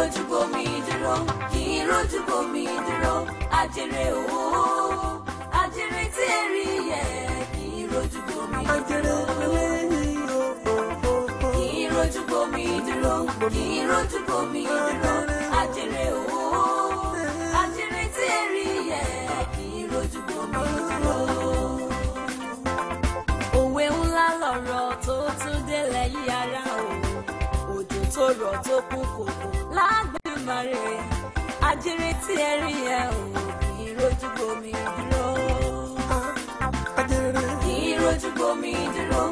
ìrójúbomi dúró kì í rójúbomi dúró ajere owó ajere tí ẹ rí yẹ kì í rójúbomi dúró kì í rójúbomi dúró kì í rójúbomi dúró ajere owó ajere tí ẹ rí yẹ kì í rójúbomi dúró. òwe ńlá lọ̀rọ̀ tó tún délẹ̀ yí ara o òjò tó rọ̀ tó kún kòkòrò lágbèmọ̀rè ajere tí ẹ rí ẹ ò ìrojú bomi dúró. ìrojú bomi dúró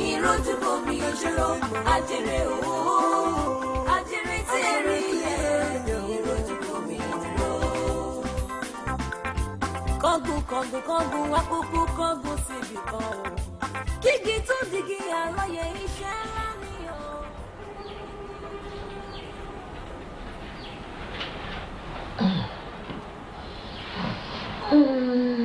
ìrojú bomi dúró ajere owó ajere tí ẹ rí ẹ ìrojú bomi dúró. kọ́gùn kọ́gùn kọ́gùn wá kúkú kọ́gùn síbi kan o kígi tó digi àlọ́yẹ iṣẹ́ ńlá. 嗯。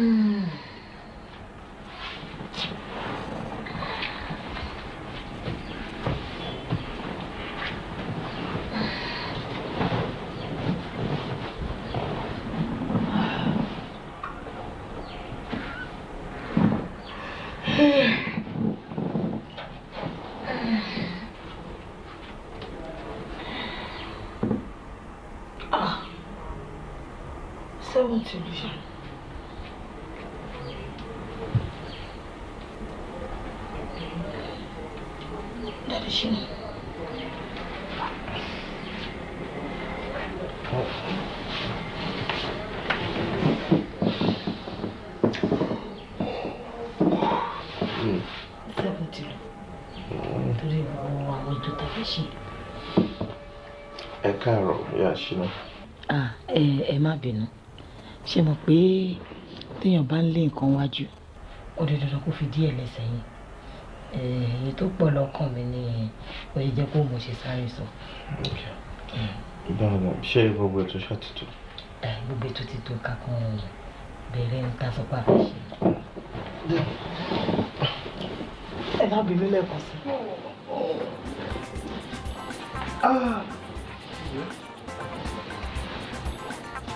ṣe mọ́. ẹ má bínú ṣe mọ̀ pé téèyàn bá ń lé nǹkan wájú ó di dandan kó fi díẹ̀ lẹ́sẹ̀ yìí èyí tó pọ̀ lọ́kàn mi ni ó yẹ jẹ́ kó mo ṣe sáré sọ. dáadáa ṣé gbogbo ètò ṣàtútù. gbogbo ètò ti tó kakọ́ bẹ̀rẹ̀ ń ta sọ́pà fi ṣe. ẹ má bínú lẹ́ẹ̀kan sí i.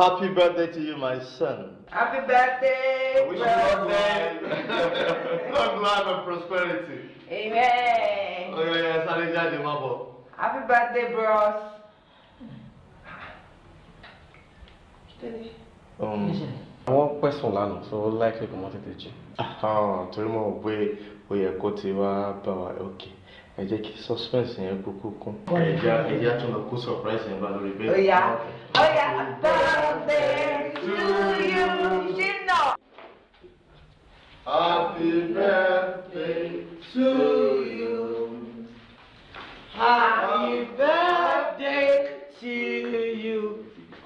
Happy birthday to you, my son. Happy birthday. Wish you long life, long life and prosperity. Amen. Oh yeah, sorry, Daddy, Mabo. Happy birthday, bros. Um, àwọn pẹ̀sùn lánàá so likely kò mọ tètè jí. Ah, torí mo wò pé ó yẹ kó ti wá bá wa okay ẹ jẹ́ kí suspense yẹn kúkú kún. ẹja ẹja tún lọ kó surprise yẹn bá lórí bẹ́ẹ̀. ọ̀yà ọ̀yà birthday to you Shina. happy birthday to you happy birthday to you.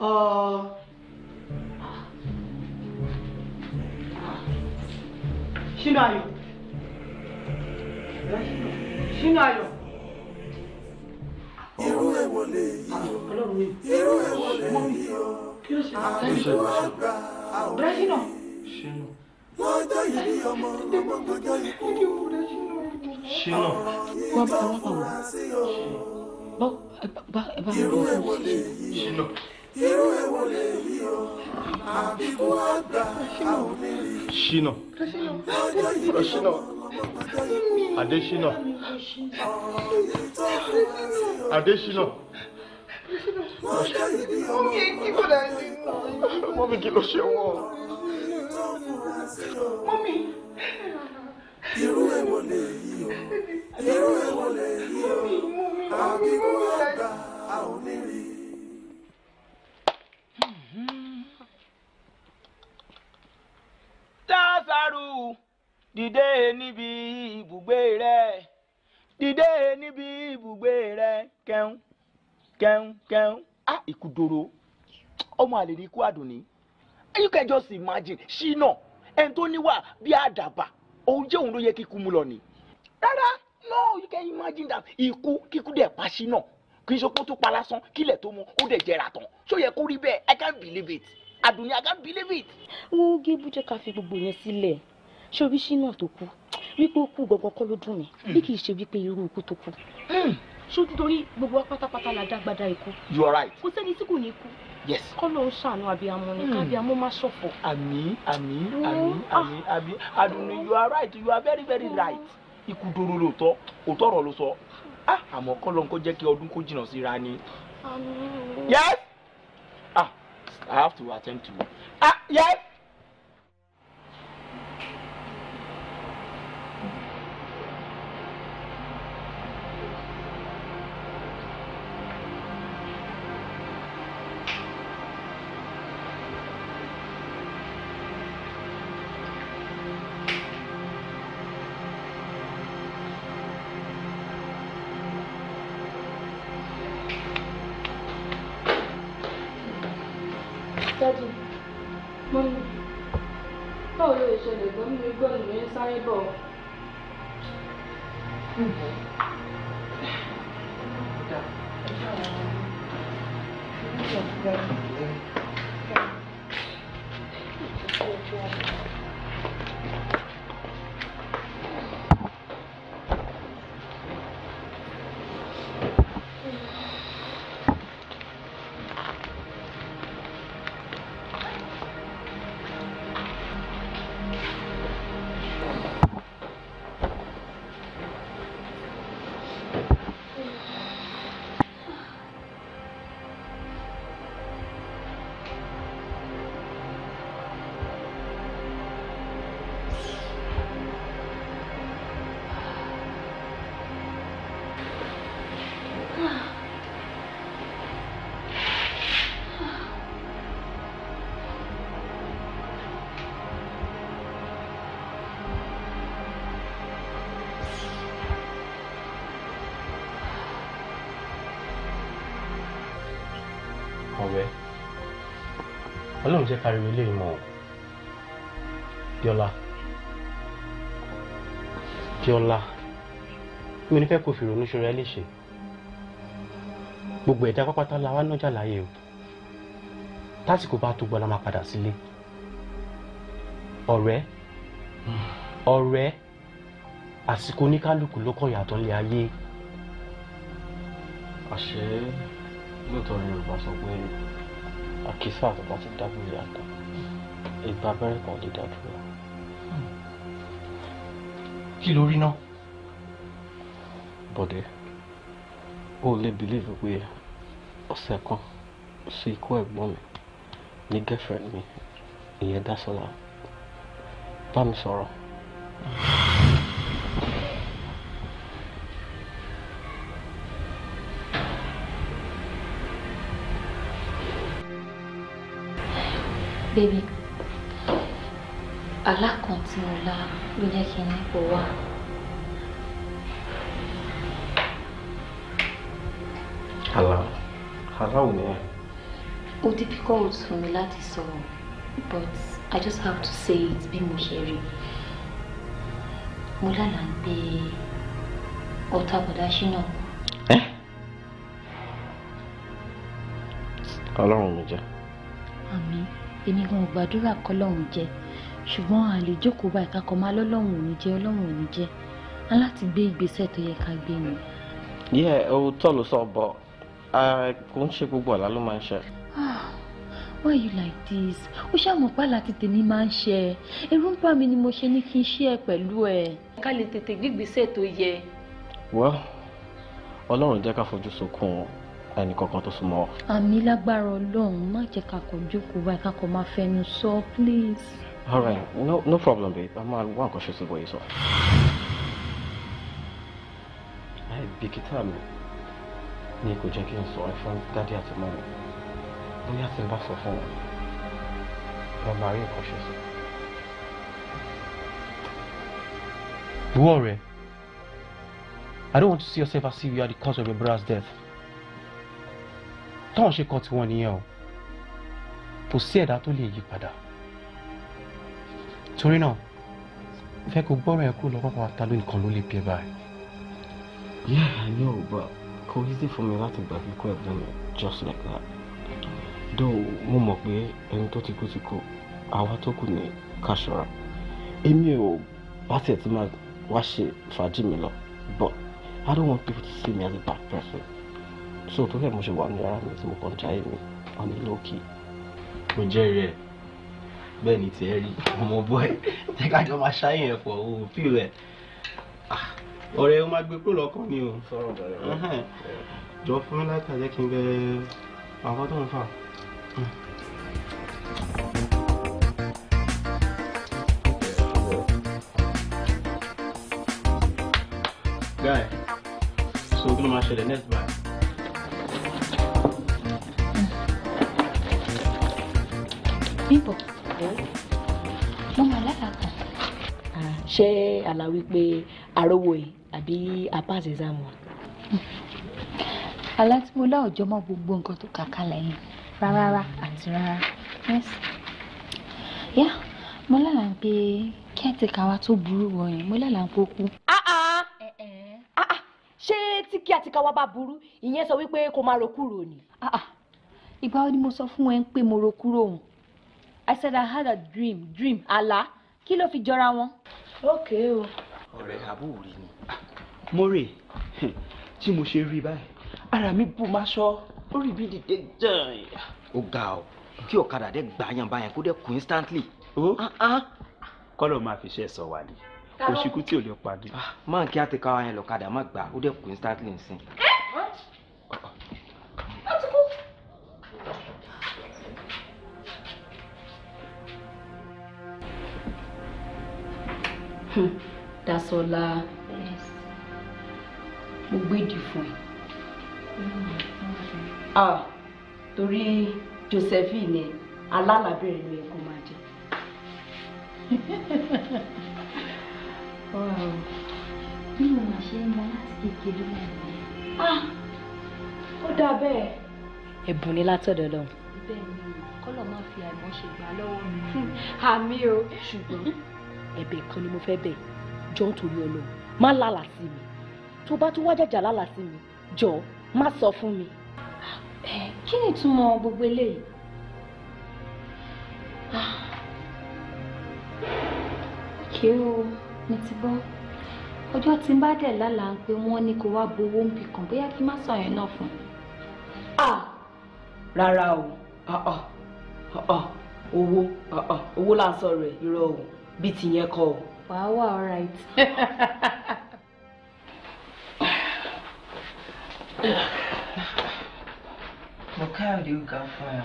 Oh. Shina, you nínú ayọ̀. irú èwo lè yí o irú èwo lè yí o àbíkú àgbà àwọn ènìyàn lọ́jọ́ yìí ni ọmọ ọmọ gbọ́jọ́ ikú ọ̀rọ̀ yìí bá fura sí o irú èwo lè yí o irú èwo lè yí o àbíkú àgbà àwọn ènìyàn lọ́jọ́ yìí ni ọmọ. Adésínà. Adésínà. Mọ́mí kí ló ṣe wọ́n? Mọ́mí. Irú ẹ̀wọ̀n lè yí o. Irú ẹ̀wọ̀n lè yí o. Àbí kò ẹ̀ka a ò ní rí. Tásárù dìde níbi ibùgbé rẹ dìde níbi ibùgbé rẹ kẹun kẹun kẹun ah ìkúdòrò ọmọ àlè ní ikú àdùnní you can just imagine ṣínà ẹni tó níwà bí àdàbà òun jẹ́ òun ló yẹ kíkú mu lọ ni rárá no you can imagine that ikú kíkú dẹ̀ pa ṣínà kì í ṣe kó tó pa lásán kílẹ̀ tó mu ó dẹ̀ jẹrà tán ṣó yẹ kó rí bẹ́ẹ̀ i can't believe it àdùnní i can't believe it. wọ́n gé bújẹ́ ká fi gbogbo yẹn sílẹ̀ ṣorí ṣínà tó kú wípé ó kú gangan kọ́ ló dùn mí hmm. bí kì í ṣe wípé irú ikú tó kú hmm. ṣó nítorí gbogbo pátápátá la dágbada ikú. you are right. kò sẹ́ni tí kò ní kú. yes. kọ́lọ̀ ń ṣàánú abiyamọ ni hmm. kábíyamọ má ṣọ̀fọ̀. àmín àmín àmín àmín àdùnnú you are right you are very very right. ikú dúró lóòótọ́ òótọ́ ọ̀rọ̀ ló sọ. ah àmọ́ kọ́lọ̀ ń kó jẹ́ kí ọdún kó jìnnà síra ni. yes. ah i have to attend to. ah yes. ọlọ́run jẹ́ káríwé lè mọ̀ ọ́ bíọ́lá bíọ́lá mi ní fẹ́ kó fi ronú ṣọ́ra ẹ léṣe gbogbo ẹ̀dá pápátá la wá nájà láàyè o tásìkò bá tó gbọ́ la máa padà sílé ọ̀rẹ́ ọ̀rẹ́ àsìkò oníkálukú ló kàn yàtọ̀ lé ayé. àṣé lóòótọ́ ni yorùbá sọ pé àkísà tó bá ti dábìlì àtọ ìgbà abẹ́rẹ́ kan lè dádúró. kí ló rí náà. bọ̀dẹ̀ ó lè bìlíìfù pé ọ̀sẹ̀ kan sí ikú ẹ̀gbọ́n mi ní girlfriend mi ìyẹn Dásọ́lá bá mi sọ̀rọ̀. Baby, àlá kan tí mo lá ló jẹ́ kí n ní kó wá. Àlá, àlá ò ní. Ó difficult fún mi láti sọ̀rọ̀ but I just have to say it bí mo ṣe rí. Mo lánàá pé ọ̀tá bọ̀dá ṣínà. Ẹ́ ọlọ́run mi jẹ́. Àmín èmi gan ò gbàdúrà kọ́lọ́run jẹ́ ṣùgbọ́n àlèjókòó báyìí kakọ̀ máa lọ́lọ́run ò ní jẹ́ ọlọ́run ò ní jẹ́ aláti gbé ìgbésẹ̀ tó yẹ ká gbé ni. yẹ òótọ́ ló sọ bọ̀ kò ń ṣe gbogbo àlá ló máa ń ṣe. Ah, why you like this ó ṣàmọ̀ pàlà tí tèmi máa ń ṣe ẹ̀rù ń bà mí ni mo ṣe ní kí n ṣe ẹ pẹ̀lú ẹ ká lè tètè gbé ìgbésẹ̀ tó yẹ. well ọlọ́run jẹ́ ká fojú sunkún wọn ẹnì kankan tó súnmọ́ wa. àmì lágbára ọlọ́run má jẹ́ ká kọ̀ jókòó báyìí ká kọ̀ máa fẹnu sọ please. all right no no problem babe a máa wá nǹkan ṣe sí bọ̀ yìí sọ. láì bìkítà mi ni kò jẹ́ kí n sọ ẹ fún dádì àti mọ́mi bóyá tí n bá sọ fún wọn wọn máa rí nǹkan ṣe sí. ìwọ I don't want to see yourself as if you are the cause of your brother's death tọ́hún ṣe kọ́ tiwọn nìyẹn o kò sí ẹ̀dá tó lè yí padà torí náà fẹ́ kó gbọ́rọ̀ ẹ kú lọ pápá ló nìkan ló lè bí ẹ báyìí. yeah i know but kò easy for me láti gbàgbé kó ẹ̀gbọ́n mi just like that though mo mọ̀ pé ẹni tó ti kú ti kú àwa tó kù ní káṣọra èmi ò bá tiẹ̀ ti máa wá ṣe fàájì mi lọ but i don't want people to see me as a bad person so tó fẹ́ mo ṣe wà ní ara mi tí mo kàn jáde mi wọn lókè. mo jẹ́rìí ẹ̀ bẹ́ẹ̀ ni tiẹ̀ rí ọmọ bọ́ẹ̀ jẹ́ ká jọ máa ṣáyẹn ẹ̀fọ́ o fíìlù ẹ̀ ọ̀rẹ́ o máa gbé kúrò lọ́kàn mi o jọ fún mi láti àjẹ́ kí n bẹ àwọn tó ń fà. guy so kí ló máa ṣẹlẹ̀ next bye. bíbọ wọn máa lálàkà. ṣé aláwí pé arówó yìí àbí apáàsì exam wa. alátìmọ́lá ọ̀jọ́ mọ gbogbo nǹkan tó kà kalẹ̀ yìí rárá àti rárá. yá mo lálàá pé kẹ́tìkà wa tó burú wọ̀ yẹn mo lálàá pé ó kú. ṣé tí kí àtìkà wa bá burú ìyẹn sọ wípé kó máa ro ni. ìgbà wo ni mo sọ fún ẹ pé mo ro òun I said I had a dream dream àlá kí ló fi jọra wọn. ok o. ọ̀rẹ́ àbúrò rí ni mo rè tí mo ṣe rí báyìí ara mi bù máa sọ ó rí bí dìde jẹun. ó ga ọ kí ọ̀kadà dẹ́ gbàyàn báyẹn kó dẹ́ kú instantly. ó ah, ah. kọ́lọ̀ máa fi ṣe sọ wà ní òṣìkú tí ò lè pàdé. Ah, máa kí á ti ká wa yẹn lọ́kadà má gbà ó dẹ́ kú instantly nsìn. Dasola hmm, mo gbèdì fún ẹ ah, torí Josephine alálàbẹ̀rẹ̀ ló yẹ kó máa jẹ. bí mo máa ṣe ń mọ láti kékeré náà. Ah, ó dáa bẹ́ẹ̀. ẹ̀bùn ni látọ̀dọ̀ lọ́hùn. bẹ́ẹ̀ ni máa fi àìmọ̀ ṣègbà lọ́wọ́ mi. Hmm, àmì o. ṣùgbọ́n ẹ̀bẹ̀ kan ni mo fẹ́ bẹ̀ jọ nítorí Ọlọ́run má lálà sí mi tó bá tún wá jàjà lálà sí mi jọ má sọ fún mi. kí ni ìtumọ̀ gbogbo eléyìí? òkè ah. o mi ti bọ́ ọjọ́ tí n bá dẹ̀ lálàá pé wọ́n ní kó wá gbowó ń bì kan bóyá kí n má sọ yẹn náà fún un. Ah! rárá o ah, owó owó là ń sọ rẹ̀ irọ́ o bí tìyẹn kọ́ o. wàá wà all right. mo káyọ̀dé ó ga fún ẹ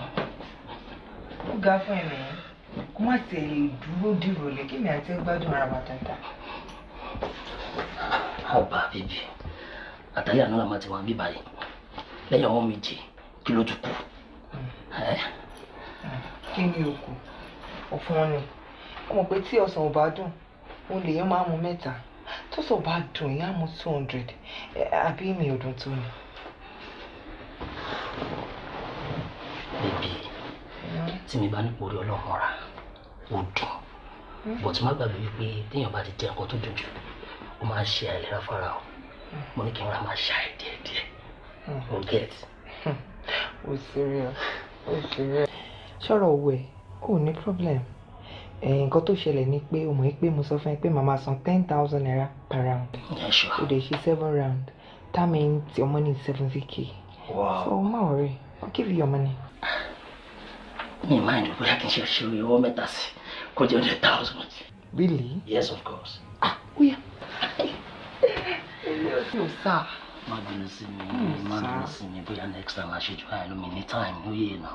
ó ga fún ẹ nìyẹn kó má tẹ̀lé dúró dìrò lé kí mi àti ẹ gbádùn ara bàtàtà. ọba bíbí àtàlẹ́ àná làwọn ti wà ń bí báyìí lẹ́yìn àwọn méje kí ló tún kù. Hmm. Hmm. kí ni o kù ọ̀fun ni o mọ̀ pé tí ọ̀sán ò bá dùn òun lèyàn máa mu mẹ́ta tọ́sọ̀ ò bá dùn èyàn á mu two hundred àbí mi ò dùn tó ni. bèbè tí mi bá ní orí ọlọ́run ọ̀ra ó dùn hmm? but má gbàgbé wípé téèyàn bá ti jẹ nǹkan tó dùn jù ó máa ṣe àìlera fara o hmm. mo ní kí n ra máa ṣàì díẹ̀díẹ̀ hmm. mo get. o serious o serious. sọ̀rọ̀ òwe kò ní problem ẹ̀yìn nǹkan tó ṣẹlẹ̀ ni pé o mọ̀ pé mo sọ fún ẹ pé màmá san ten thousand naira per round o dẹ̀ ṣe seven round that means your money is seventy k wow. so má worry I'll give you your money. mi ì máa ń dùbọ̀ yá kí n ṣe ṣe owó mẹ́ta sí kó jẹ́ hundred thousand. really. yes of course. ah oya. yóò sáà má bínú sí mi hmm, má bínú sí mi bóyá next time àṣejù àìlú mi ní time ló yé nà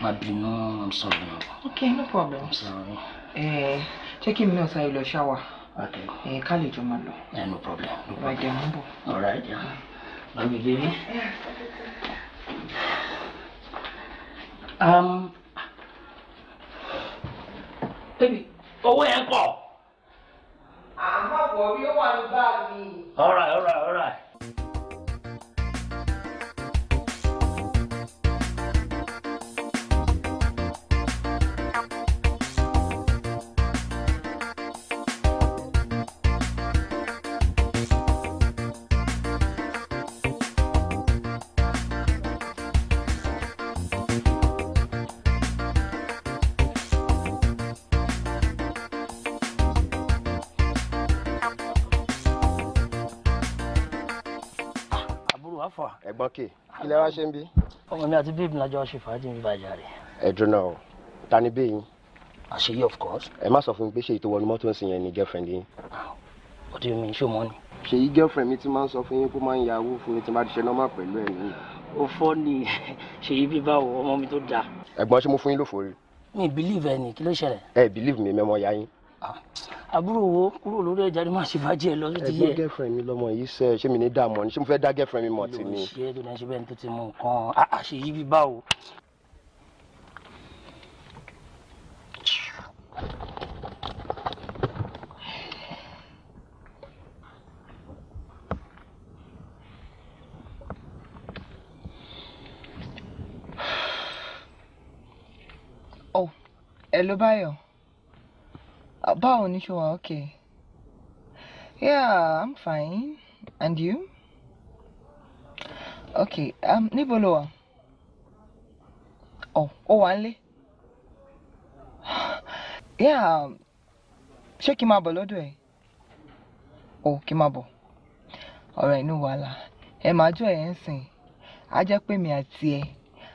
má bínú i'm sorry nà. ok no problem. i'm sorry. Eh, jẹ́ kí mi náà sáré lọ ṣáwà eh, ká lè jọ máa lọ. Eh, no problem no problem. ọ̀rọ̀ ìdè mú bọ̀. ọ̀rọ̀ ìdè love you baby. Um, baby, owó yẹn pọ̀. àmọ́ kò rí ó wà ní báàgì. all right all right all right. wà. ẹ̀gbọ́n kè kí lẹ wá ṣe ń bí. ọmọ mi àti bíbí lajọ ṣe fàájì ní ìbàjá rẹ. ẹ dúnà o ta ni bẹ́ẹ̀ yín. àṣeyí of course. ẹ má sọ fún mi pé ṣe ètò wọnú mọ́tò ń sìn yẹn ní girlfriend yín. ó ah, ti mi ṣó mọ́ ni. ṣèyí girlfriend mi ti máa ń sọ fún yín pé máa ń yàwó fún mi tí máa ti ṣe nọ́mà pẹ̀lú ẹ̀ nìyí. ó fọ́ ni ṣèyí bí báwo ọmọ mi tó dáa. ẹ̀gbọ́n ṣé mo fún yín lófo rí. mi believe ẹ ní kí ló ṣẹlẹ̀. ẹ believe mi mẹ́mọ́ ya yín. Ah àbúrò wo kúrò lórí ẹja ni màá ṣe bá jẹ lọ sí yẹ. ẹgbẹ́ girlfriend mi lọ́mọ yìí sẹ́ ṣé mi ní dààmú ni ṣé mo fẹ́ dá girlfriend mi mọ̀ tì mí. ṣé ẹ dọ̀dọ̀ ṣe bẹ́ẹ̀ ni tó ti mú nǹkan àṣẹ yí bí báwo. oh ẹ ló báyọ̀. Uh, báwo ni ṣe okay yeah i'm fine and you okay um, Nibolo. Oh, oh, only. yeah Check him n máa bọ̀ lọ́dọ̀ ẹ̀ ò kí n máa bọ̀ ọ̀rọ̀ inú wàhálà ẹ máa jọ ẹ̀ ń sìn á jẹ́ pé mi àti ẹ̀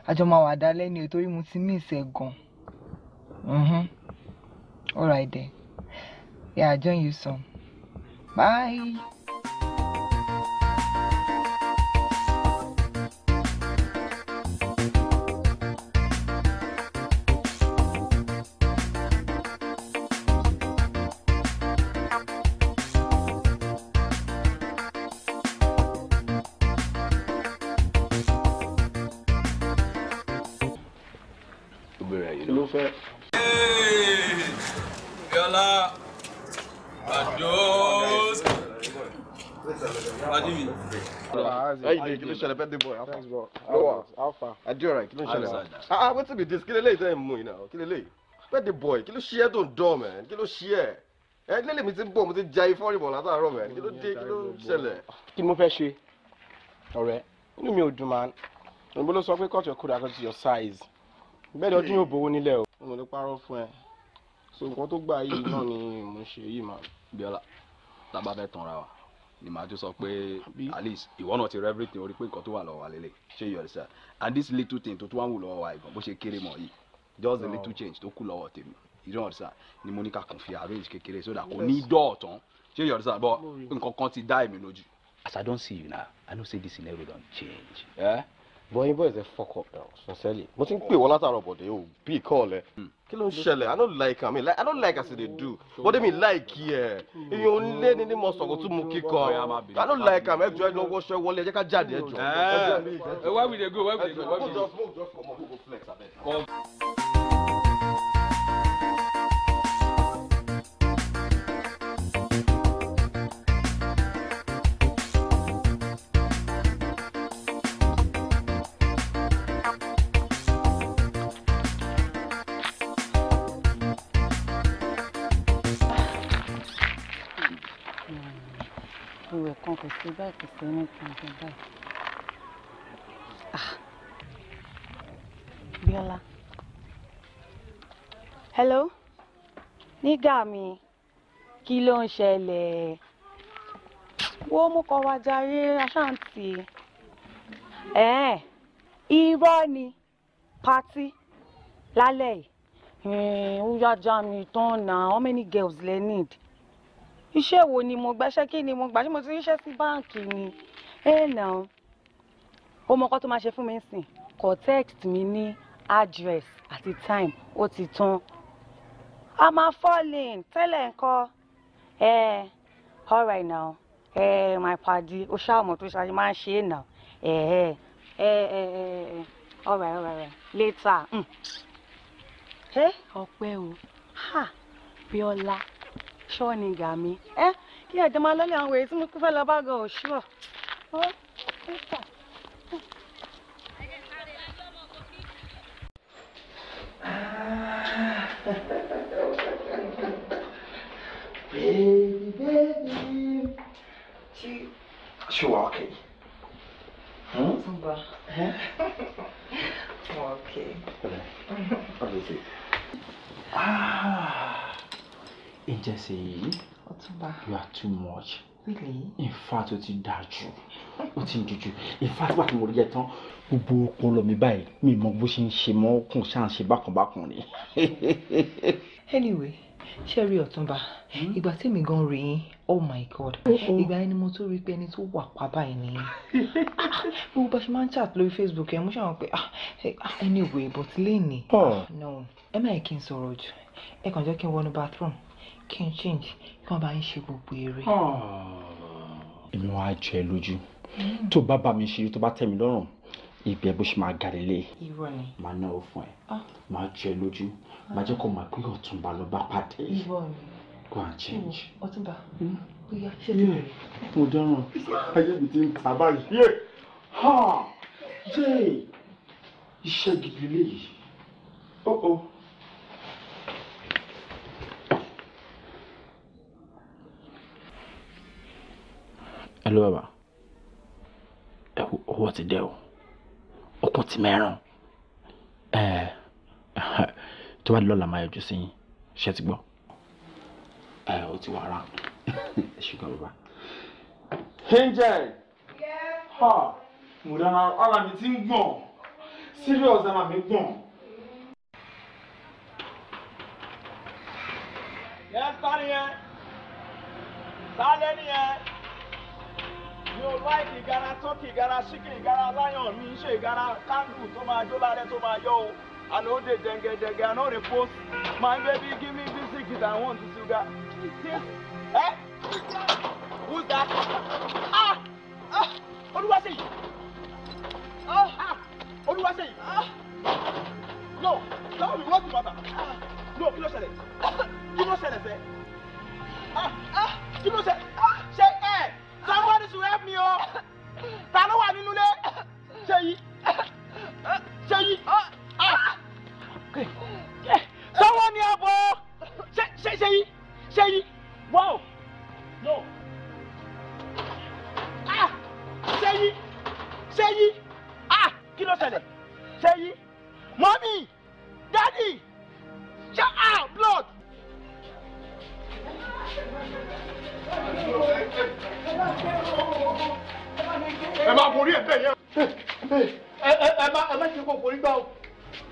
àjọ máa wà dálẹ́ ni o torí mo ti mí ìsẹ̀ gan-an mm-hmm. all right then. Yeah, I join you soon. Bye. jọra kí ló ń ṣẹlẹ̀ ah, ah wetin be this kí lélẹ́yìí tẹ́ ẹ̀ mú iná kí lélẹ́yìí where the boy kí ló ṣí ẹ́ tó ń dọ̀ mẹ́ kí ló ṣí ẹ́ ẹ eh, lẹ́lẹ̀ mi ti ń bọ̀ mo ti ja ifọ̀ ìbọ̀ látàárọ̀ mẹ́ kí ló dé kí ló ṣẹlẹ̀. kí mo fẹ́ ṣe ọ̀rẹ́ inú mi ò dùn máa òyìnbó ló sọ pé cut your coat according to your size bẹ́ẹ̀ ni ọdún yóò bówó nílẹ̀ o. mo lè parọ́ fún ẹ so nǹkan tó gbà yìí náà ni mo ń ṣe yìí mà. Bíọ́lá tábà fẹ́ tanra wa ni màá tún sọ pé at least ìwọ náà ti rẹ́ everything orí pé nǹkan tó wà lọ́wọ́ wa lélẹ̀ ṣé yọ̀ọ́ and this little thing tó tún wá wù lọ́wọ́ wa ìgbọ̀n bó ṣe kéré mọ̀ yìí just the little oh. change tó kù lọ́wọ́ tèmi you don't understand ni mo ní ká kàn fi arrange kékeré so that kò ní dọ̀ọ̀tán ṣé you understand but nǹkan kan ti dá èmi lójú. as i don see you now i know say this scenario don change. Yeah boy is a fuck up now sincerely mo ti ń pè wọ́n látàrọ̀ bọ̀dé o bí ìkọ́ọ̀lẹ̀ kí ló ń ṣẹlẹ̀ i no like am i no like as i dey do bọ́dé mi like yẹ èèyàn lé ní ní mo sọ̀kò tún mu kíkọ i no like am ẹjọ́ ẹ lọ́wọ́ ṣẹ́ wọlé ẹ jẹ́ ká jáde ẹjọ́. ẹ eh, eh, wá we dey go wá we dey go wá we dey go. ṣe báyìí kò sí ní kí n ṣe ah. Hello? Nígà mi, kí ló ń ṣẹlẹ̀? Wo mú kọ wa jàre aṣáǹtì? Ẹ̀ẹ́n, irọ́ ni pátí lálẹ́ yìí. Ó yá já mi tán náà, how many girls le need? iṣẹ́ wo ni mo gbà iṣẹ́ kí ni mo gbà ṣé mo ti ríṣẹ́ sí báǹkì ni ẹ nà ó ó mọ ọkọ tó máa ṣe fún mi sìn kọ text mi ní address àti time ó ti tán a falling. fall in tẹ́lẹ̀ ńkọ́ ẹ all right now ẹ my padi ó ṣàmọ̀ tó ṣàṣe máa ń ṣe é nà ẹ ẹ ẹ ẹ ẹ all right all right, all right. later hmm. ọpẹ́ o Bíọ́lá. ṣọ́ọ̀nìgà mi ẹ kí ẹ̀jẹ̀ máa lọ́lẹ̀ àwọn èyí tí mo kú fẹ́ lọ bá ó ó tà. baby baby tí ṣe wà ókè. Tumba. Wà Ah. Ìjẹ̀sèyí. Ọ̀túnba. You are too much. Really? In fact, o ti da jù. O ti jù In fact, wà tí mo rí ẹ tán, gbogbo ọpọlọ mi báyìí mi mọ bó ṣe ń ṣe mọ́ kùn ṣáà ń ṣe bákanbákan ni. Anyway, ṣé rí Ọ̀túnba? Hmm? Ìgbà tí mi gan rí oh my god. Ìgbà yẹn ni mo tó rí pé ẹni tó wà pa báyìí ni. Ah, gbogbo bá ṣe máa ń chat lórí Facebook ẹ̀ mo ṣàwọn pé ah, ah, anyway, but lẹ́yìn ni. No, ẹ má yẹ kí n sọ̀rọ̀ jù. Ẹ kàn jẹ́ kí n wọnú bathroom kí n change kí wọ́n bá yín ṣe gbogbo eré. Ah. èmi wàá jẹ ẹ lójú hmm. tó bá bá mi ṣe tó bá tẹ́ mi lọ́rùn ibi ẹ bó ṣe máa gàrí lé irọ́ ni máa náwó fún ẹ ah. máa jẹ ẹ lójú máa jẹ́ kó máa pé ọ̀túnba ló bá pàdé go and change. ọ̀túnba hmm? bóyá ṣe lè rẹ. mo dáràn ayé mi ti ń ta báyìí ha jẹ́ iṣẹ́ gidi léyìí. Oh, oh. Hello, Baba. Ẹ wo ọwọ́ ti dẹ́ o. Okun ti mẹ́ràn. Ẹ tó bá lọ́la máa yọjú sí yín. Ṣé ti gbọ́? Ẹ o ti wà ra. Ẹ ṣùgbọ́n bàbá. Angel! Ha! Mo dáná ara mi ti ń gbọ̀n. Serious ara mi gbọ̀n. Yẹ́n sáré yẹn. Sáré nìyẹn mi ò láìkì ìgara tọ́kì ìgara ṣíkì ìgara láyọ̀n mi ń ṣe ìgara káńdù tó máa jó lálẹ́ tó máa yọ o àná ó dẹ̀ngẹ̀dẹ̀ngẹ̀ àná ó post my baby give me music that I want to sugar. Eh? Who's that? Ah! Ah! Olúwaṣèyí! Ah! Ah! Olúwaṣèyí! Ah! No! Tell me what's the matter? Ah! No, kí ló ṣẹlẹ̀? Ah! Kí ló ṣẹlẹ̀ sẹ́? Ah! Ah! Kí ló ṣẹlẹ̀? Ah! Ṣé. Daddy should help me o. Oh. Ta ló wà nínú ilé? Ṣèyí. Ṣèyí. Sọ́wọ́ ni àbọ̀. Ṣèyí. Ṣèyí. Wow. No. Ah! Ṣèyí. Ṣèyí. Ah! Kí ló ṣẹlẹ̀? Ṣèyí. Mọ́mí. Dádì. Ṣé ah blood ẹ máa borí ẹ bẹ́ẹ̀ yẹn. ẹ má ẹ má ṣe kó borí gbà o.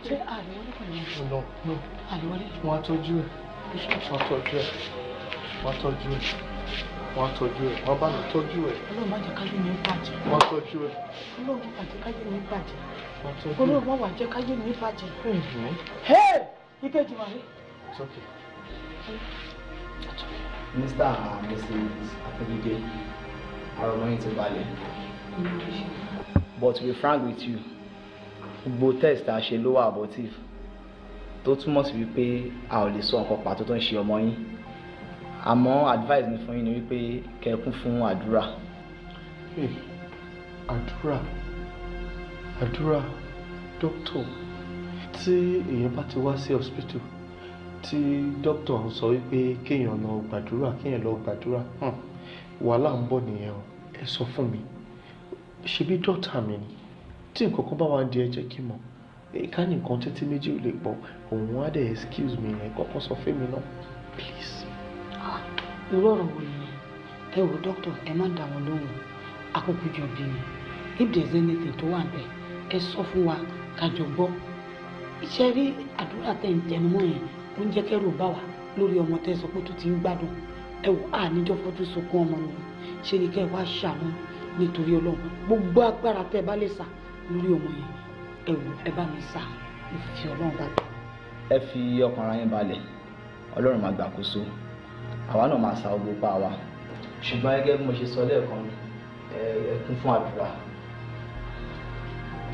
ṣé àríwọlé kò ní. no no àríwọlé. wọn á tọ́jú ẹ wọn á tọ́jú ẹ wọn á tọ́jú ẹ wọn á tọ́jú ẹ wọn bá mi tọ́jú ẹ. ọlọ́run má jẹ́ káyé mi bàjẹ́. wọn á tọ́jú ẹ. ọlọ́run má jẹ́ káyé mi bàjẹ́. wọn á tọ́jú ẹ. ọlọ́run má wà jẹ́ káyé mi bàjẹ́. ìkejì màrí. it's okay. Mr. and Mrs. Akelide àrọ̀mọ́yìn ti balẹ̀. But to be frank with you gbogbo test a ṣe ló wà abortive tó túmọ̀ sí wípé a ò lè sọ nǹkan pàtó tó ń ṣe ọmọ yín àmọ́ advice mi fún yín ni wípé kẹ́kún fún àdúrà. àdúrà àdúrà dókítà tí èèyàn bá ti wá sí hospital tí dókítà ń sọ wípé kéèyàn lọ gbàdúrà kéèyàn lọ gbàdúrà wàhálà ń bọ̀ nìyẹn o ẹ sọ fún mi ṣebí dókítà mi ni tí nǹkan kan bá wà ń di ẹ jẹ́ kí n mọ̀ ká ní nǹkan títí méjì ò lè pọ̀ òun á dẹ̀ excuse me yẹn kọ́kọ́ sọ fún mi náà please. Ah, irú ọ̀rọ̀ wo ni ẹ wò dókítà ẹ má dá wọn lóhùn àkókò jọ bí mi if there is anything tó wà bẹ́ẹ̀ ẹ sọ fún wa ká jọ gbọ́ iṣẹ́ rí àdúrà tẹ̀ ń tẹnumọ́ yẹn ó ń jẹ́ kẹ́rù bá wa lórí ọmọ tẹ́ sọ pé tó ti ń gbádùn ẹ wò á níjọ́ fọ́tún sunkún ọmọ nù ṣe ni kẹ́ ẹ wá ṣàánú nítorí ọlọ́run gbogbo agbára tẹ́ ẹ bá lè sà lórí ọmọ yẹn ẹ wò ẹ bá mi sà ẹ fi ọlọ́run bá tó. ẹ fi ọkàn ara yín balẹ̀ ọlọ́run máa gbàkóso àwa náà máa sa ogbó pa wa ṣùgbọ́n gẹ́gẹ́ bí mo ṣe sọ lẹ́ẹ̀kan ẹ kún fún àdúrà.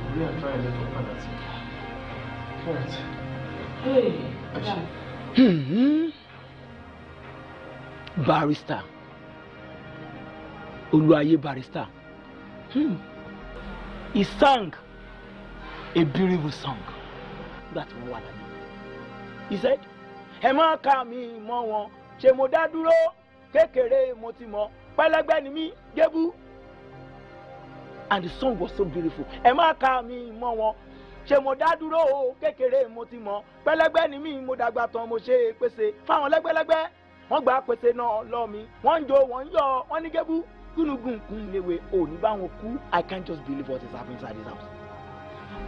orí àdúrà yẹn ló padà sí i. Hmm. barrister olúwayé barrister hmm. he sang a beautiful song that wọ́n wà láyé he said ẹ má ka mi mọ́ wọn ṣe mo dá dúró kékeré mo ti mọ̀ pẹlẹgbẹ ni mi gébú and the song was so beautiful ẹ má ka mi mọ́ wọn ṣe mo dá dúró o kékeré mo ti mọ̀ pẹlẹgbẹ ni mí mo dàgbà tán mo ṣe pèsè fáwọn lẹgbẹlẹgbẹ wọ́n gba pèsè náà lọ mi wọ́n ń jó wọ́n ń yọ̀ wọ́n ní gébú gúnugún kún léwe òní báwọn kú i can't just believe what is happening inside this house.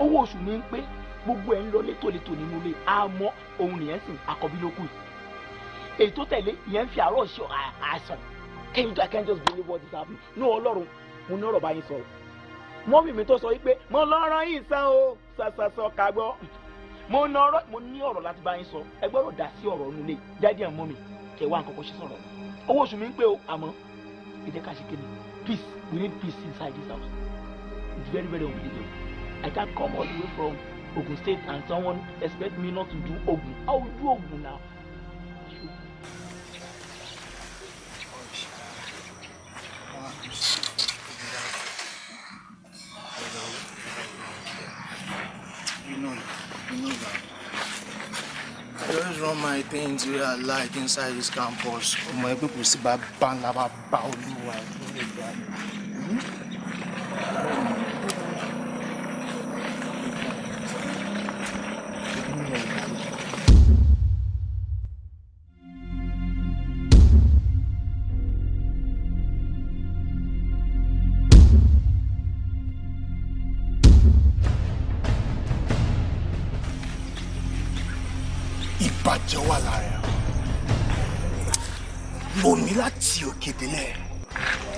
owó oṣù mi ń pé gbogbo ẹ̀ ń lọ létòlétò nínú ilé àmọ́ òun nìyẹn sìn àkọ́bí ló kù yìí èyí tó tẹ̀lé ìyẹn ń fi àárọ̀ ṣe àìsàn i can't just believe what is happening ní ọlọ́run mo ní ọ̀rọ̀ báyìí sọ̀rọ̀ mọ́mì mi tó sọ wípé mo lọ́rọ̀ yìí sàn o sàṣàṣà kàgbọ́ mo ní ọ̀rọ̀ mo ní ọ̀rọ̀ láti bá yín sọ ẹ gbọ́dọ̀ dá sí ọ̀rọ̀ nulẹ jáde àwọn mọ́mì kẹwàá nǹkan kan ṣe sọ̀rọ̀ owó oṣù mi ń pè o àmọ́ ẹ jẹ́ ká ṣe kéde peace we need peace inside this house it's very very unbelievable i can't come all the way from Ogun State and someone expect me not to do Ogun i will do Ogun now You know, you know that. I always run my pain interior alike inside this campus. My people see sí bá bá ńlá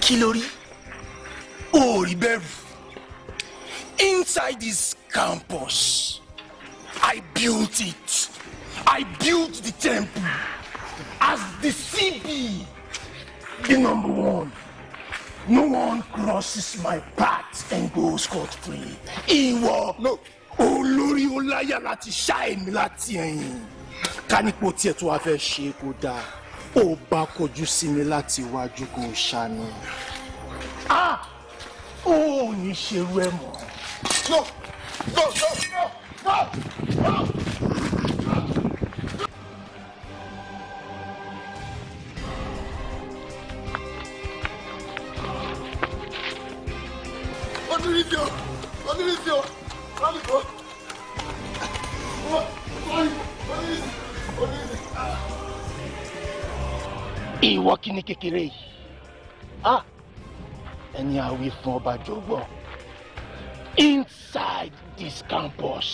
kí ló rí o ò rí bẹ̀rù inside this campus I built it I built the temple as the CB the number one no one crosses my path and goes scot free ìwọ olórí ó láyà láti ṣá èmi láti ẹ̀yìn ká nípò tiẹ̀ tó wá fẹ́ ṣe kó dáa ó bá kojú sí mi láti iwájú kó o ṣàánú ó ní ṣerú ẹ mọ́. no no no no no. no. Odúrídìó Odúrídìó lálùkò Odúrídìó Odúrídìó ìwọ kíní kékeré yìí ah ẹni àwí fún ọba jọgbọ inside this campus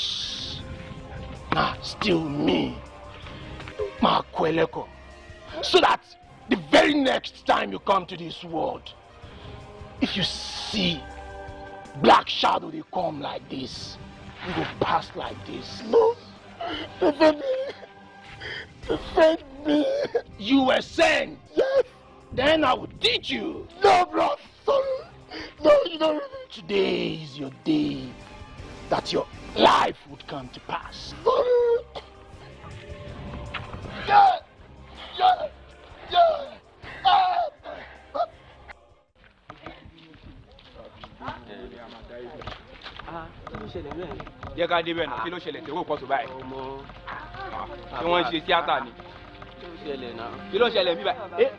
na still me máa kọ ẹ so that the very next time you come to this world if you see black shadow dey come like this you go pass like this. no defend me defend me. You were saying Yes. Then I will teach you. No, bro. Sorry. No, you don't. Today is your day that your life would come to pass. Sorry. Yeah. Yeah. Yeah. Ah. jẹ́ ká débẹ̀ náà kí ló ṣẹlẹ̀ tẹ́wọ́ pọ̀ tó báyìí tí wọ́n ń ṣe tíátà ni kí ló ṣẹlẹ̀ náà. kí ló ṣẹlẹ̀ bíbá ẹ eh,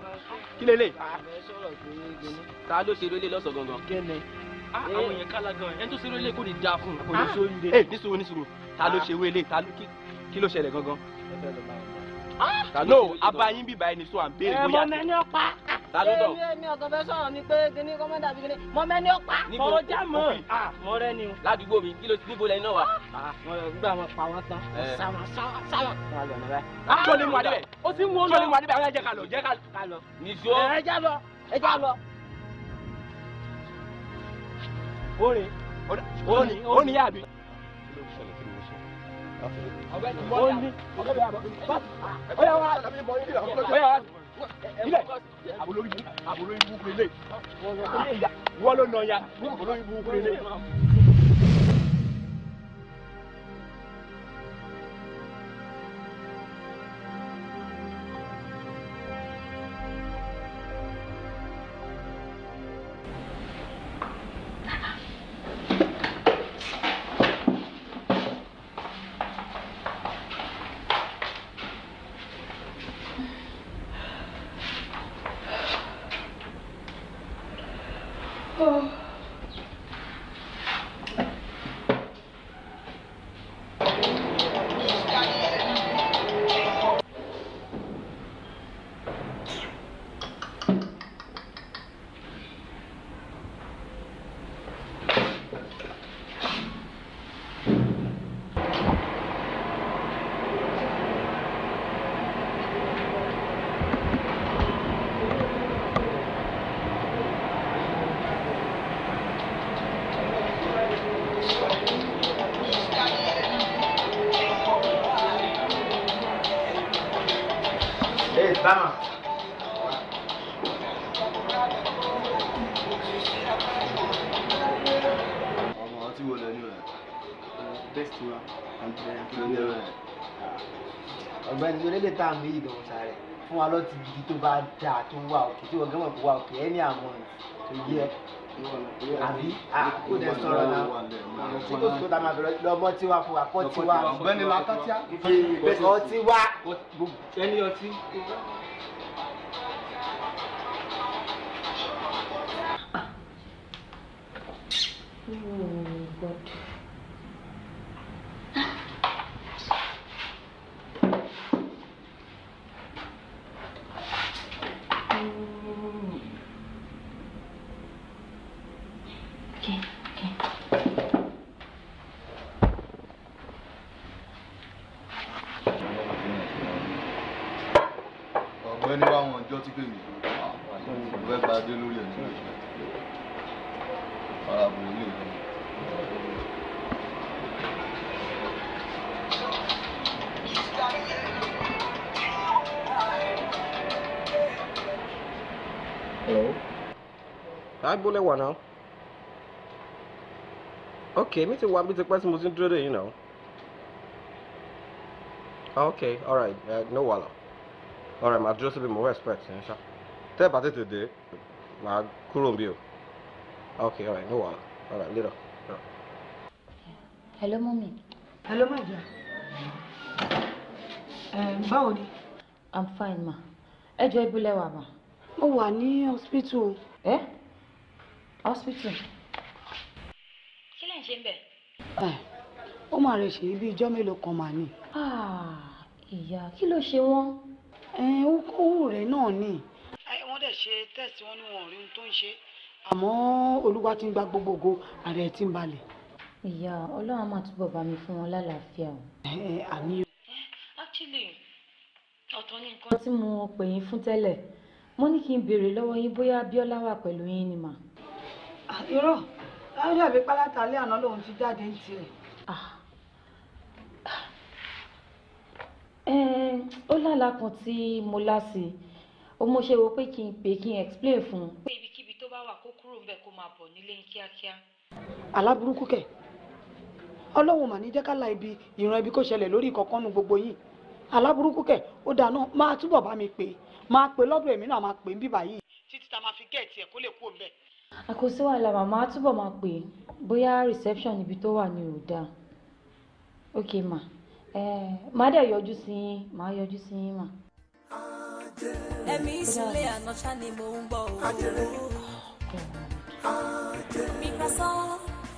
kí lè lè. ta ló ṣe lólè lọ́sọ̀ gangan. kẹ́ni. Ah, àwọn eh. èèyàn kálá gan ẹni tó ṣe lólè kò ní da fún un. kò ní sóyún de. ẹ nísòwò nísòwò ta ló ah. ṣe wélé ta ló kí ló ṣẹlẹ̀ gangan no abayin bí báyìí ni so à ń béèrè eh, bóyá. ẹ mọ mẹni ọpa. ta ló dọ. ṣé mi ọkàn fẹ́ sọ̀rọ̀ ni pé kíní kọ́mọ́dà bí kíní mọ mẹni ọpa. kọ́ ọjà mọ̀ mọ rẹ ni o. ládùúgbò mi kí ló ti níbo lẹ́yìn náà wà. nígbà wọn pa wọn tán eh. sáwọn sáwọn sáwọn. tó lè mú adébẹ̀ ó sì ń wọ́n lọ. tó lè mú adébẹ̀ àwọn ẹ̀jẹ̀ ká lọ jẹ́ ká lọ. nìṣó. Eh, ẹ já lọ ẹ já lọ. ó ní ó ní yàbí ó ní ọyà wa ọyà wa ilẹ̀ àbúlórí ibú kúrẹ́lẹ̀ wọ́n ló nọ ya àbúlórí ibú kúrẹ́lẹ̀. kárọ̀tì gidi tó bá dà tó wà òkè tí wọ́n gẹ́mọ̀ tó wà òkè ẹni àwọn tó yẹ àbí àkóde sọ̀rọ̀ náà tí kò tó tá máa bẹ̀rẹ̀ lọ́mọ tí wà fún wa kọ́ tí wà. ọ̀gbẹ́ni lakọ́tíá. kọ́ wà. ẹni ọtí. Oh, God. ibo lẹ wà náà ok mi ti wà mi ti pẹ́ tí mo ti ń dúró dè yín náà ok alright uh, no wahala alright màá dúró síbi mo respect ẹ̀ ṣá tẹ́ ẹ bá tètè dé màá kúrò bí o ok alright no wahala alright later. hello mummy. hello my dear. Eh, báwo ni. i'm fine ma ẹ jọ ibo lẹ wà ma. mo wà ní hospital. ẹ. Eh? hospital. kí lẹ̀ ń ṣe ń bẹ̀. ó máa rẹ̀ ṣèyí bí ijọ́ mélòó kan màá ní. ìyá kí ló ṣe wọ́n. ó kó owó rẹ̀ náà ní. wọ́n dẹ̀ ṣe test wọn ní wọn ò rí ohun tó ń ṣe. àmọ́ olúwa ti ń gba gbogbo ògo ààrẹ ti ń balẹ̀. ìyá ọlọ́run máa túbọ̀ bá mi fún wọn lálàáfíà o. àmì o. actually ọ̀tọ̀ ni nǹkan tí mo pè yín fún tẹ́lẹ̀ mo ní kí n béèrè lọ́wọ́ yín bóyá Bíọ́lá wà pẹ̀lú yín ni mà irọ́ láwọn dàbí pálátà alẹ́ àná lòun ti jáde ní tirẹ̀. Ah. Eh, ó lálàá kan tí mo lá sí i ó mọ̀ ṣe wo pé kí n pè kí n explain fún un. pé ibikíbi tó bá wà kó kúrò ńbẹ̀ kó máa bọ̀ nílé ní kíákíá. aláburúkú kẹ ọlọ́run mà ní jẹ́ ká la ibi ìran ibi kó ṣẹlẹ̀ lórí ìkọ̀kan nu gbogbo yìí aláburúkú kẹ ó dáná máa túbọ̀ bá mi pè máa pè lọ́dọ̀ èmi náà máa pè ń bíbà yìí títí tá a máa fi gẹ̀ẹ́tì ẹ̀ kó lè kú òun bẹ́ẹ̀ àkóso wàhálà màmá túbọ̀ máa pè é bóyá reception níbi tó wà ní ò ok ma má dẹ̀ yọjú sí yín má yọjú sí yín ma. ẹ̀mí ìsúnlé ànáṣá ni mò ń bọ̀ o. mi kà sọ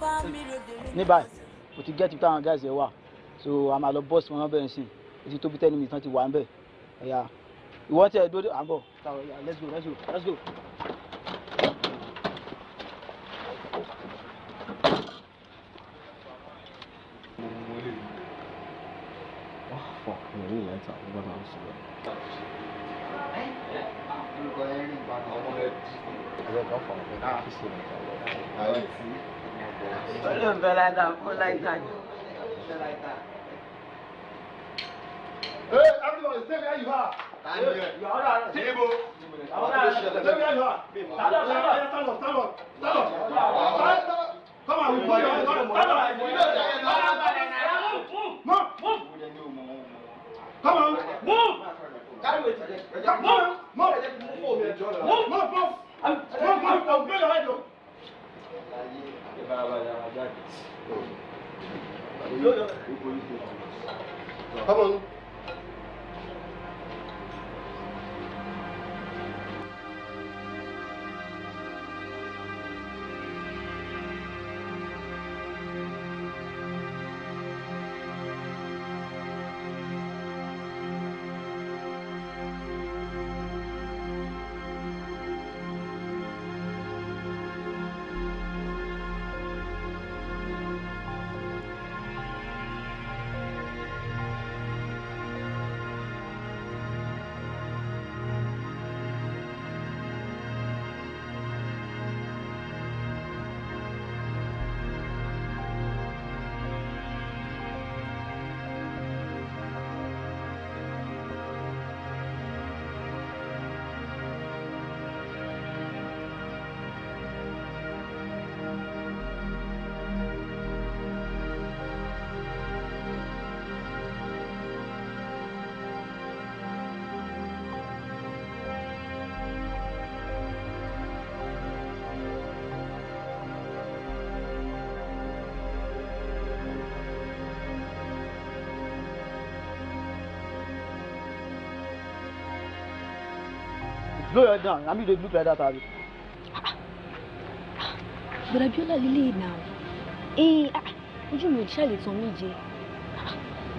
fámi ròdè. ní báyìí mo ti gẹ́tì táwọn gáàsì ẹ̀ wà so a máa lọ bọ́ọ̀sì wọn bẹ́ẹ̀ sìn ètò tóbi tẹ́ni mi tán ti wà ń bẹ̀ ẹ̀yà ìwọ́n tẹ̀ dúró à ń let's go let's go let's go. 找五个老师了。哎，如果你把头那个，不要搞好了，啊，是的，还有鸡，不能不来打，不来打，不来打。哎，everybody，这边有啊。打你！摇着。进一步。然后呢？这边有啊。打到三个，三个，三个，三个，三个，三个，干嘛？我摇，干嘛？三个，你这。Come on, move. Carry weight again. Move, move, move, move, move, move, move. I'm, move, move, move. Gbé lọ ẹ̀dọ̀. Come on. your head down. I mean, they look like that, Abi. But Abiola lele now. Eh, would you ò ṣàlè tán mí jẹ.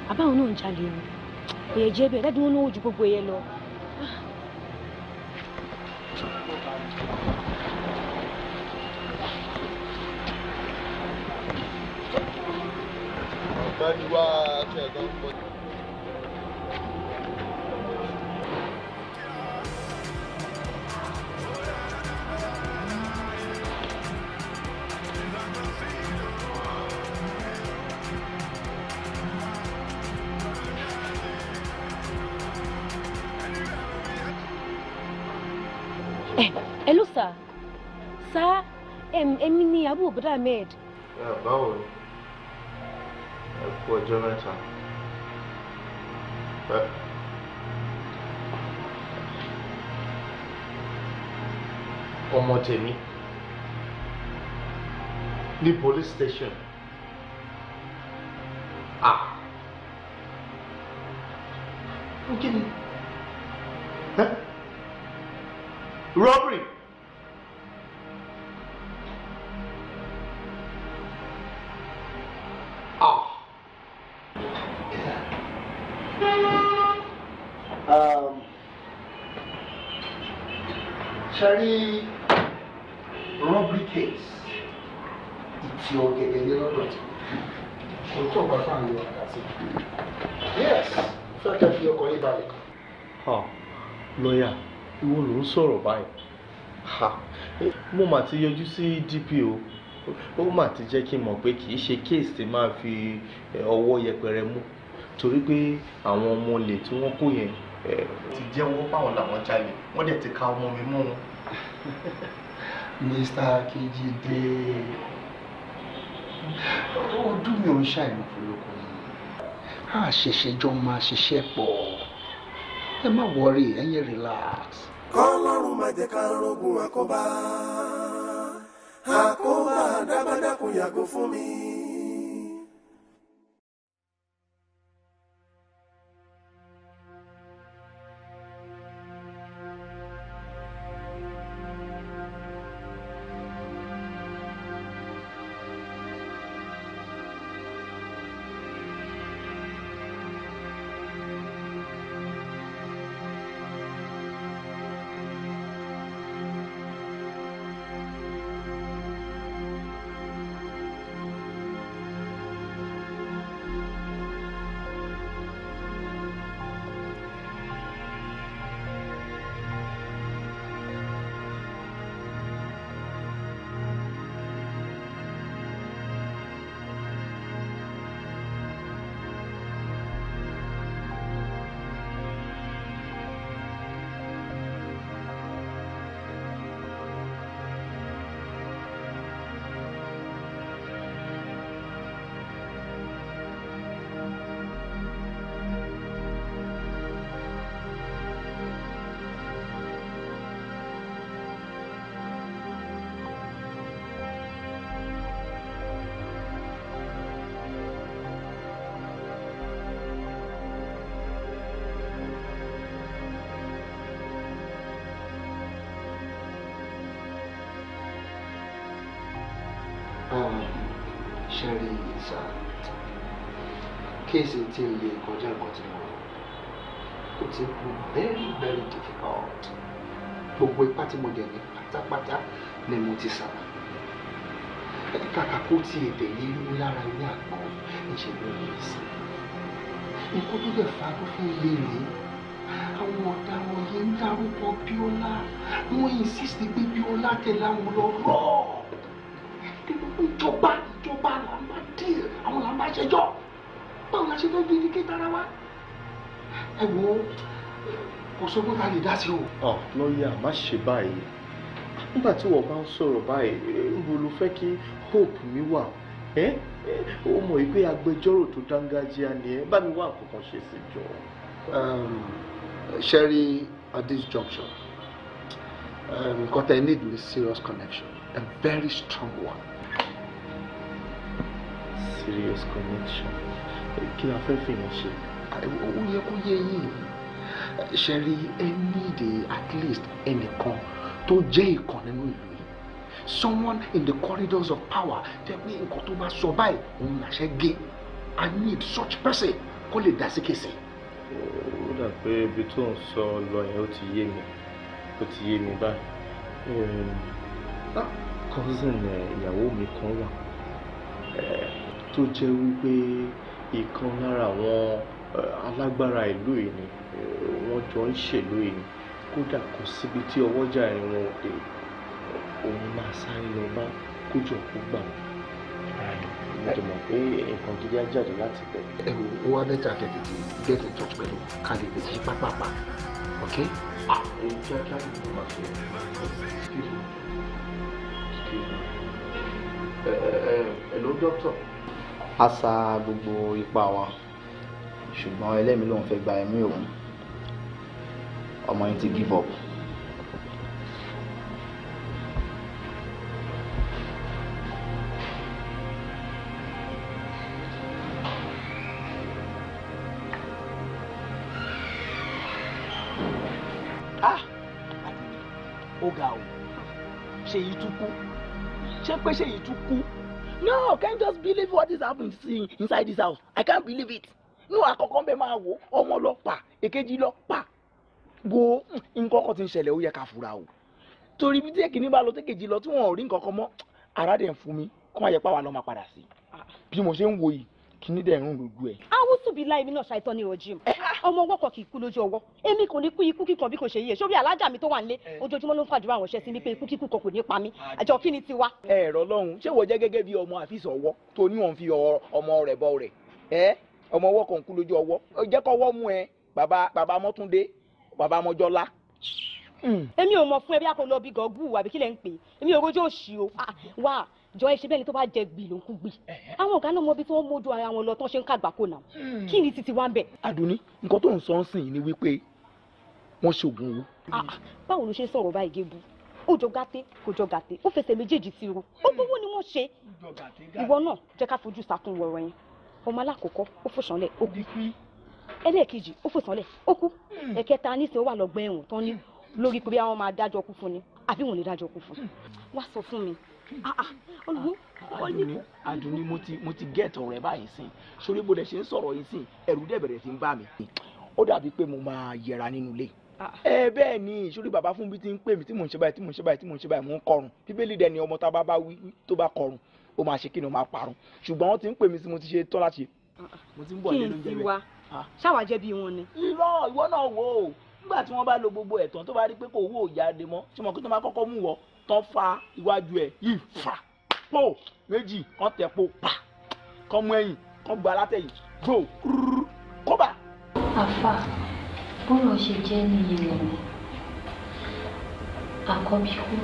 Àbáwọn náà ń jalè o. Ẹ̀yẹ jẹ́ bẹ́ẹ̀, dájú wọn náà ojú gbogbo ẹyẹ lọ. Ọ̀gbẹ́ni wá aṣọ sá èmi ni àbúrò bọ́dà med. báwo ni ẹ kú ọjọ́ mẹ́ta ọmọ tèmi ní police station ah n kí ni robbery. ṣẹ́rí robbery case ìtì ọ̀gẹ̀dẹ̀ ní lọ́dọ̀ kò tó ọ̀gbà fún àwọn ọ̀gá sí yes fẹ́ kẹ́ fi ọkọ̀ yìí balẹ̀. lọ́ọ̀yà ìwọ ló ń sọ̀rọ̀ báyìí mo mà ti yọjú sí DPO ó mà ti jẹ́ kí n mọ̀ pé kì í ṣe case tí máa fi ọwọ́ yẹpẹrẹ mú torí pé àwọn ọmọ olè tí wọ́n kó yẹn ti jẹ́wọ́ báwọn làwọn jalè wọ́n dẹ̀ ti ka ọmọ mi mọ́ wọn Mr. Kejide ọdún mi ò ń ṣàìmọ̀ fọlọ́kọ yìí a ṣẹ̀ṣẹ̀ jọ máa ṣiṣẹ́ pọ̀ ẹ má wọrí ẹ̀yin relax. kọ́lọ́run má jẹ́ ká rógun àkóbá àkóbá dábàdàkùn yàgò fún mi. very difficult to. ipá tí mo dẹ̀ ní pátápátá ni mo ti sà kàkà kó ti èdè yìí ní lára ilé àgbọn ìṣèlú yìí sí ikú tó dẹ̀ fa tó fẹ́ lé ní àwọn ọ̀daràn yìí ń dárúkọ Bíọ́lá wọ́n insist pé Bíọ́lá tẹ̀lé àwọn lọ rọ́ọ̀ ìjọba ìjọba là ń bá díè àwọn là ń bá ṣẹjọ́ báwo la ṣe fẹ́ fi ní kí tara wa ẹ wo kò sówó tá a dá sí o. ọ lọ́ọ̀yà má ṣe báyìí nígbà tí wọ́n bá ń sọ̀rọ̀ báyìí mo ló fẹ́ kí hope mi wà ẹ́ ó mọ̀ pé agbẹjọ́rò tó dángájíá ni ẹ bá mi wá àkọ́kọ́ ṣe sí jọ. sherry um, at this junction um, nǹkan tẹ need is serious connection a very strong one. serious connection kí la fẹ́ fi yẹn ṣe. ó yẹ kó yé yín ṣẹ̀rí ẹ níìdè at least ẹnìkan tó jẹ́ ìkan nínú ìlú yìí someone in the corridors of power tẹ́ pé nǹkan tó bá sọ báyìí òun làṣẹ gé i need such person kó lè dá sí kèsì. ó dà pé ibi tó ń sọ lọ yẹn ó ti yé mi ó ti yé mi báyìí cousin eh, ìyàwó mi kan wà eh, tó jẹ́ wípé ìkan lára àwọn. Wọn alágbára ìlú yìí ni wọ́n jọ ń ṣèlú yìí ni kódà kò síbi tí ọwọ́jà rìn wọn ò dé òun máa sáré lọ bá kójọ kó gbà wọn mo tẹ̀ mọ̀ pé nǹkan gidi á jáde láti bẹ̀. ẹ wo ó wá mẹ́ta kẹ̀kẹ́ get in touch pẹ̀lú kálí lè ṣe pápápá ok. àwọn kíákíá ẹ ẹ ẹ a sa gbogbo ipá wa ṣùgbọ́n ẹlẹ́mìí lòun fẹ́ gba ẹ̀mí òun ọmọ yẹn ti give up. Ah! ṣe yìí tún kú ṣé pé ṣe yìí tún kú no can you just believe what is happening inside this house i can't believe it nínú àkọ́kọ́ bẹ́ẹ̀ máa wò ọmọ lọ pa èkejì lọ pa wo nǹkan kan ti ń ṣẹlẹ̀ ó yẹ ká fura o torí bí tí èkìní bá lọ tẹ́kejì lọ tí wọ́n rí nǹkan kan mọ́ ara dẹ̀ ń fún mi kọ́ máa yẹ pàwọn lọ́ máa padà sí bí mo ṣe ń wo yìí kíní dẹ̀ ń rún gbogbo ẹ̀. awúsù bíi láì mi náà ṣàìtọ́ ní rọ́jìm ọmọ ọwọ́ kan kì í kú lójú ọwọ́ èmi kò ní kú ikú kíkan bí kò ṣe yíyẹ sórí alájà mi tó wà nílé ojoojúmọ́ ló ń fàdúrà àwọn ṣẹ́ sí mi pé ikú kíkú kan kò ní pa mí àjọ kí ni tiwa. ẹ̀rọ lọ́hùn ṣé wọ́n jẹ́ gẹ́gẹ́ bí ọmọ àfisọ̀wọ́ tó ní òun fi ọmọ rẹ̀ bọ́ rẹ̀ ẹ́ ọmọ ọwọ́ kan kú lójú ọwọ́ jẹ́ kọ́ ọwọ́ mú ẹ baba bàbá mọ́túndé bàbá mọ́jọ́lá. Hmm. èmi ò mọ fún ẹ bí a kò lọ bí gọgù àbí kílẹ̀ ń pè èmi ò rójó òṣì o ah, wà jọ ẹ ṣe bẹ́ẹ̀ ni tó bá jẹ gbì ló ń kú gbì eh. àwọn ọ̀gá náà mọ ibi tí wọ́n mójú ara wọn lọ tán ṣe ń kàgbà kò náà hmm. kí ni títí wá ń bẹ̀. àdùnní nǹkan tó ń sọ ń sìn ni wípé wọ́n ṣoògùn owó. Ah, ah, báwo ló ṣe ń sọ̀rọ̀ báyìí gébù ó jọ gàtẹ kò jọ gàtẹ ó fẹsẹ̀ méjèèjì ti ru ó gbówó ni wọ́n ṣe ìwọ náà jẹ́ ká fojú sàkún wọ̀rọ̀ yẹn ọmọ alákọ̀ọ́kọ́ ó fò sánlẹ̀ ó kú ẹlẹ́ẹ̀kejì ó fò sánlẹ̀ ó kú hmm. ẹ̀kẹta nísìnyí ó wà lọ́gbọ́n ẹ̀wọ̀n tán ní hmm. lórí pé àwọn máa dájọ́ kú fún ni àbí wọn ò ní dájọ́ kú fún hmm. wá sọ fún mi àdùnní ah, ah. ah, àdùnní mo ti mo ti gẹ́ẹ̀tọ̀ rẹ báyìí sìn sórí bó dẹ̀ ṣe ń sọ̀rọ̀ yìí sìn ẹ̀rù dẹ̀ bẹ̀rẹ̀ sí ń bà mí ó dàbí pé mo máa yẹra nínú ilé ẹ bẹ́ẹ̀ ni sórí Baba fún mi ti ń pè mí tí mò ń ṣe báyìí tí mò ń ṣe báyìí tí mò ń ṣe báyìí mò ń kọrùn bíbélì dẹ̀ ni ọmọ tá a bá wí tó bá kọrùn O máa ṣe kí ni ó máa parun ṣùgbọ́n wọ́n ti ń pè mí sí mo ti ṣe tán láti mo ti ń bọ̀ nínú oúnjẹ rẹ̀ ṣáwa jẹ́ bí wọn ni. irọ́ ìwọ náà wò ó nígbà tí wọ́n bá lo gbogbo ẹ̀tàn tó bá rí pé kò owó ìyá de mọ́ ṣé mo kí tó máa kọ́kọ́ mú wọ tán fa iwájú ẹ̀ yìí fà pò méjì kan tẹ̀ pò pa kan mú ẹ̀yìn kan gba látẹ̀yìn gbò kóbà. àfà bọ́rọ̀ ṣe jẹ́ nìyẹn àkọ́bí kú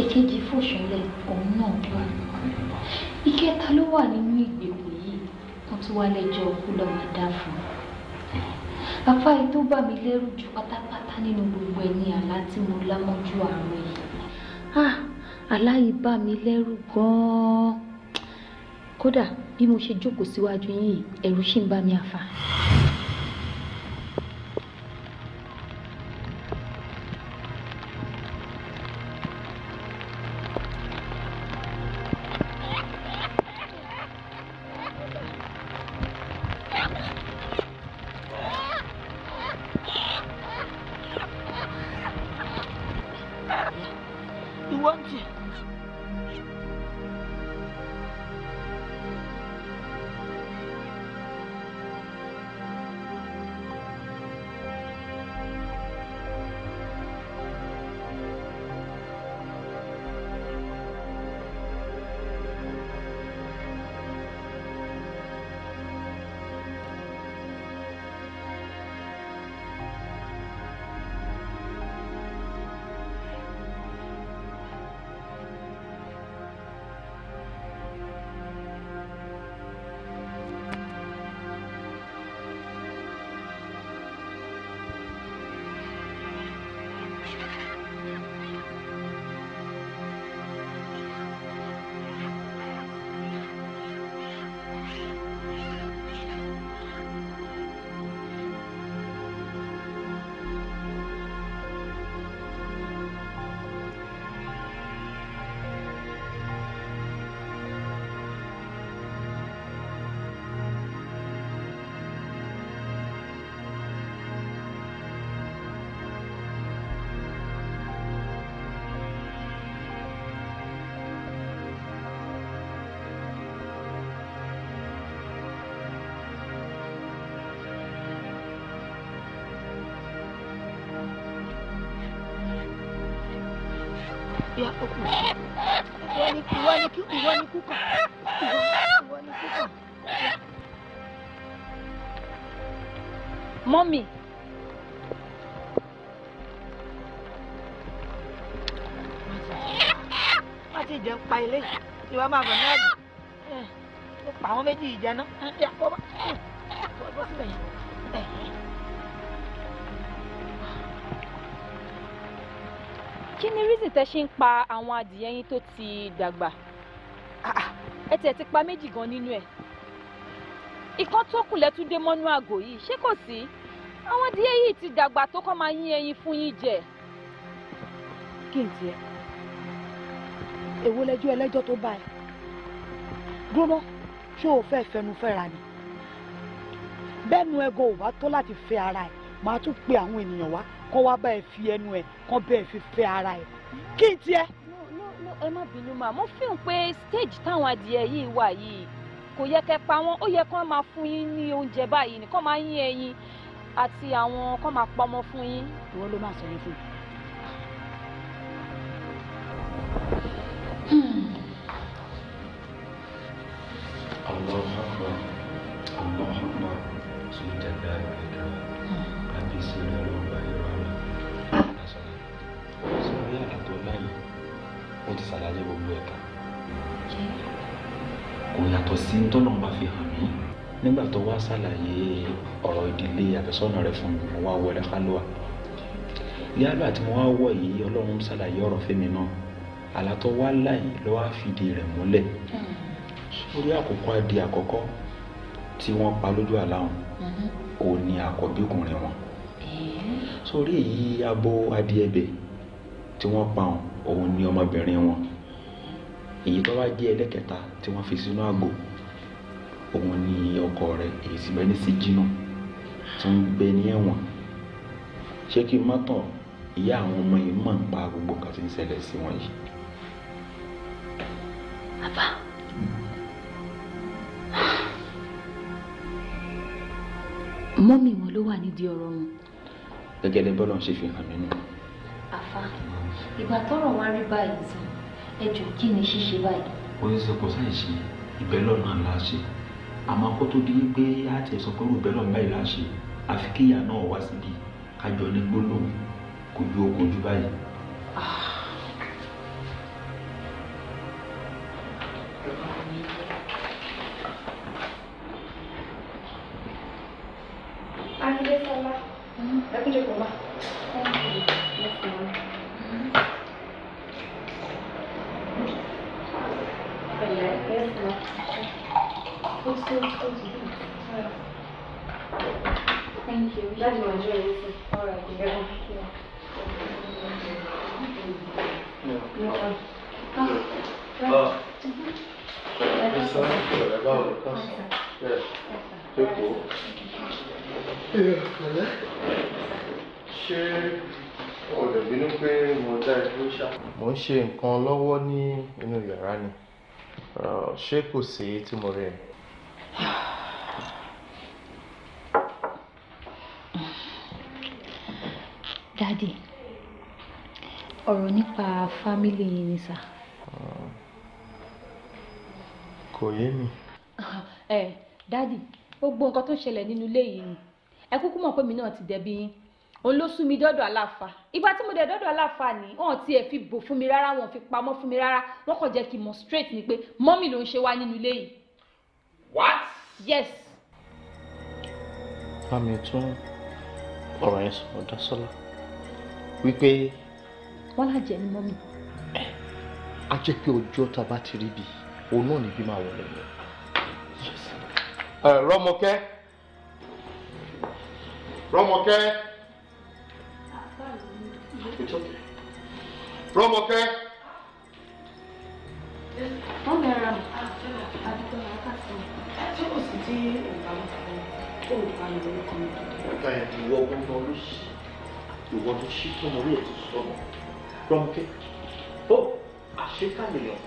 èkejì fòṣọlẹ̀ òun náà wà ìkẹta ló wà nínú ìgbèkùn yìí wọ́n tún wá lẹ́jọ́ òkú lọ́mọ dá fún un àfáì tó bà mí lẹ́rù jù pátápátá nínú gbogbo ẹni àlá tí mo lámọ́jú àárọ̀ yìí àlá yìí bà mí lẹ́rù gan-an kódà bí mo ṣe jókòó síwájú yìí ẹ̀rù ṣì ń bà mí àfà. tí ìjẹ ń pa ilé yìí tí wọ́n máa bọ̀ náà dùn ó pa àwọn méjì ìjẹ náà bí àkọ́bá bọ́ sílẹ̀ yìí. kí ni reason tẹ ṣe ń pa àwọn adìyẹ yín tó ti dàgbà ah, ah. ẹ tiẹ̀ ti pa méjì gan nínú ẹ̀ ìkan tó kù lẹ́túndé mọ́nú àgò yìí ṣé kò sí àwọn adìyẹ yìí ti dàgbà tó kọ́ máa yín ẹyin fún yín jẹ kí n tiẹ̀ èwo lẹ́jọ́ ẹlẹ́jọ́ tó bá ẹ dúró ṣé o fẹ́ fẹnu fẹ́ra ni bẹ́ẹ̀nu ẹgọ ò bá tó láti fẹ́ ara ẹ màá tún pe àwọn ènìyàn wá kó wá bá ẹ fi ẹnu ẹ kó bẹ́ẹ̀ fi fẹ́ ara ẹ kí n tiẹ̀. ẹ má bínú mà mo fi hàn pé stage táwọn adìẹ yìí wà yìí kò yẹ kẹ́ pa wọn ó yẹ kó máa fún yín ní oúnjẹ báyìí nìkan máa yín ẹyin àti àwọn kó máa pamọ́ fún yín. ìwọ ló máa sọ yẹn fún mi. àti tọ́nà bá fi hàn mí nígbà tó wá ṣàlàyé ọ̀rọ̀ ìdílé àfẹ́sọ́nà rẹ̀ fún mi mo wá wọlé kálúwà yálà tí mo wá wọ̀ yìí ọlọ́run ṣàlàyé ọ̀rọ̀ fẹ́mi náà àlàtọ̀ wá láì ló wá fìdí rẹ̀ múlẹ̀ sórí àkókò adìẹ àkọ́kọ́ tí wọ́n pa lójú àláhùn òun ni àkọ́bíkùnrin wọn sórí èyí abo adìẹ bẹ̀ tí wọ́n pa òun ni ọmọbìnrin wọn èyí tó wá jẹ́ ẹlẹ́kẹta tí wọ́n fi sínú àgò. Mm -hmm òun ni ọkọ rẹ̀ èyí sì bẹ́ẹ̀ ní sí jìnnà tó ń gbé ní ẹ̀wọ̀n ṣé kí n má tàn ìyá àwọn ọmọ yìí mọ̀ ń pa gbogbo nǹkan tí ń ṣẹlẹ̀ sí wọn yìí. bàbá mọ́mì wọn ló wà nídìí ọ̀rọ̀ wọn. gẹ́gẹ́ bí bọ́lá ń ṣe fi hàn mí àfa ìgbà tọ́rọ̀ wá rí báyìí tán ẹ jù kí ni ṣíṣe báyìí. ó ṣe kò sáì ṣe ìbẹ́lọ́nà aláṣẹ àmọ́ kó tó di pé a ti sọ pé rògbẹ́ náà báyìí là ń ṣe àfi kíyà náà wá síbi kájọ ní gbólóhùn kojú ó kojú báyìí. Adé Sọlá, ẹ It's still expensive. Thank you. That's my joy. All right. Yeah. yeah. Yeah. No. Uh, ah. Passons. Là-bas, passons. Yeah. Debout. Yeah. Voilà. Chez. o lè bínú pé mo dá ẹdúró ṣá. mo ń ṣe nǹkan lọ́wọ́ ní inú yàrá ni ṣé kò sí tí mo rí ẹ. Daddy, ọ̀rọ̀ nípa fámílì yín ni sà. kò yé mi. ẹ eh, dádì gbogbo nǹkan tó ń ṣẹlẹ̀ nínú ilé yìí ni ẹ kúkú mọ̀ pé mi náà ti dẹ̀bi yín òun ló sún mi dọ́dọ̀ aláfa ìgbà tí mo dẹ̀ dọ́dọ̀ aláfa ni wọn ti ẹ̀ fi bò fún mi rárá wọn fi pamọ́ fún mi rárá wọn kàn jẹ́ kí n mọ̀ straight ni pé mọ́mì ló ń ṣe wá nínú ilé yìí What? Yes. Bámi tún ọ̀rọ̀ yẹn sọ̀rọ̀ Dásọ́lá wípé. Wọ́n lájẹ̀ ni mọ́mí. A jẹ́ pé ọjọ́ tá a bá ti rí bi, òun náà níbí máa wọlé mi. Rọ́mọkẹ́. Rọ́mọkẹ́. Rọ́mọkẹ́. Wọ́n mẹ́ra mi tí òǹkà ń ta òǹkà yìí ọ̀gá ẹ̀ ìwọ ọgbọ́n náà ló ṣì ìwọ tó ṣí tọmọ lóò tó sọmọ rọmọkẹ ó àṣé káyọ̀yọ̀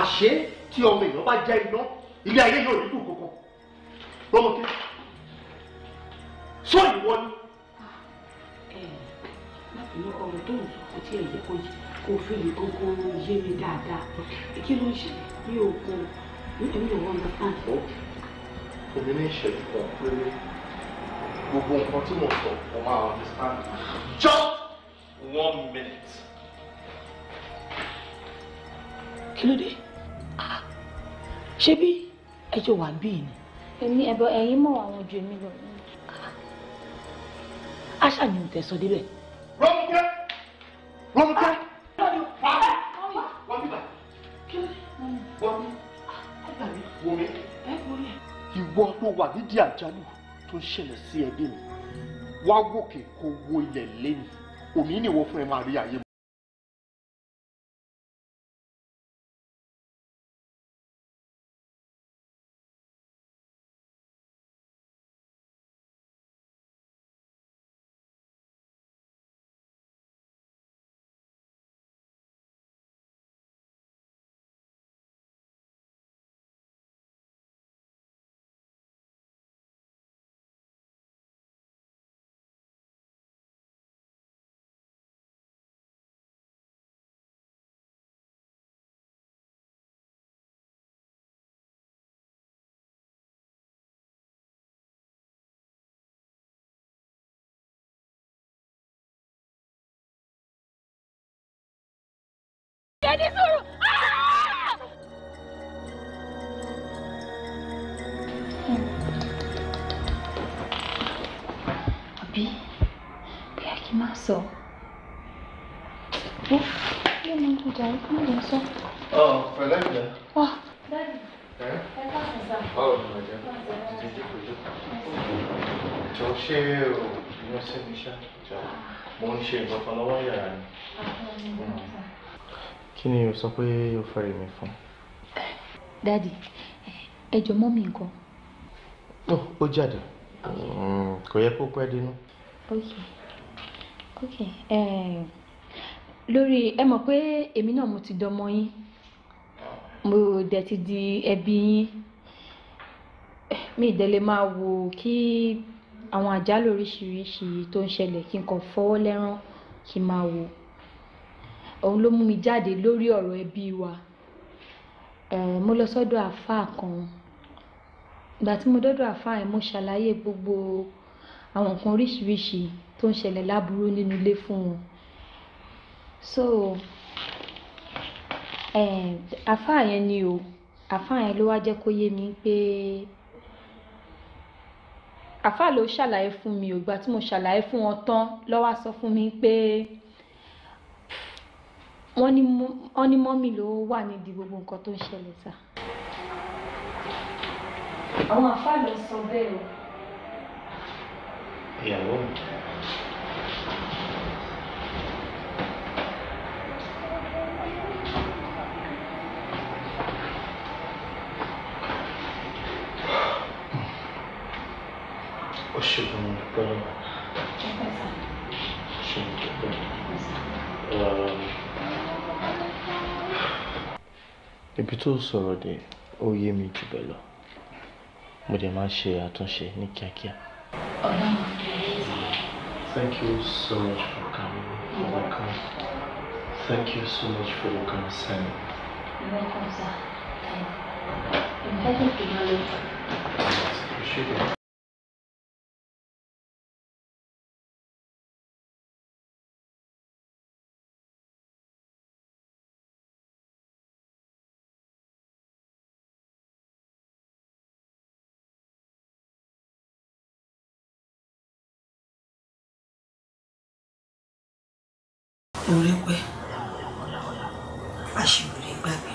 àṣé tí ọmọ èèyàn bá jẹ́ iná ilé ayé yóò rí kankan rọmọkẹ sọ ìwọ ni. láti ní ọ̀rọ̀ tó ń sọ kó tí ẹ yẹ kó yé kó fèrè yé mi dáadáa kí ló ń ṣẹlẹ̀ ní òkun nítorí òun understand. ó èmi ní ìṣẹ̀lẹ̀ kan péré gbogbo nǹkan tí mo sọ mo máa understand just one minute. kí ló dé ah, ṣé bí ẹjọ́ wà ni. èmi ẹ̀bọ ẹ̀yin mọ̀ àwọn ju èmi lọ. Ah, aṣáájú ń ìwọ tó wà nídìí àjálù tó ń ṣẹlẹ̀ sí ẹbí mi wá wòkè kó wo ilẹ̀ lẹ́nu òní nìwọ fún ẹ máa rí ayé Eles foram... Ah! Abi, bir akimaz o. Uf, benim kucağım mı yoksa? Aa, falan ya. Ah, ben. Tá, Çalışıyor. Nasıl o şey? Monşe, bakalım hum. yani. kí ni o sọ pé o fẹ́rẹ̀ mi fún. dadi ẹ jọ mọ́ mi nǹkan. ó ó jáde mm, kò yẹ kó pẹ́ dínú. ok ok lórí ẹ mọ̀ pé èmi náà mo ti dọmọ yín mo dẹ̀ ti di ẹbí yín mi ìdẹ́lẹ̀ máa wò kí àwọn àjálù oríṣiríṣi tó ń ṣẹlẹ̀ kí n kàn fọwọ́ lẹ́rán kí n máa wò òun ló mú mi jáde lórí ọ̀rọ̀ ẹbí wa eh, mo lọ sọ́dọ̀ àáfàá kan ìgbà tí mo dọ́dọ̀ àáfàá yẹn mo ṣàlàyé gbogbo àwọn nǹkan oríṣiríṣi tó ń ṣẹlẹ̀ láburú nínú ilé fún wọn so eh, àáfàá yẹn ni o àáfàá yẹn ló wá jẹ́ kó yé mi pé àáfàá ló ṣàlàyé fún mi ìgbà tí mo ṣàlàyé fún wọn tán ló sọ fún mi pé wọ́n ní mọ́mì ló wà nídìí gbogbo nǹkan tó ń ṣẹlẹ̀ sá. àwọn àfáà ló sọ bẹ́ẹ̀ o. ìyàwó mi. ó ṣègùn pẹ̀lú ṣègùn pẹ̀lú. Ibi tó sọ̀rọ̀ dé, ó yé mi jù bẹ́ẹ̀ lọ. Mo dẹ̀ máa ṣe àtúnṣe ní kíákíá. Thank you so much for coming. You're welcome. Thank you so much for your concern. welcome, sir. I'm you. orí pẹ́ àṣìwèrè gbàgbé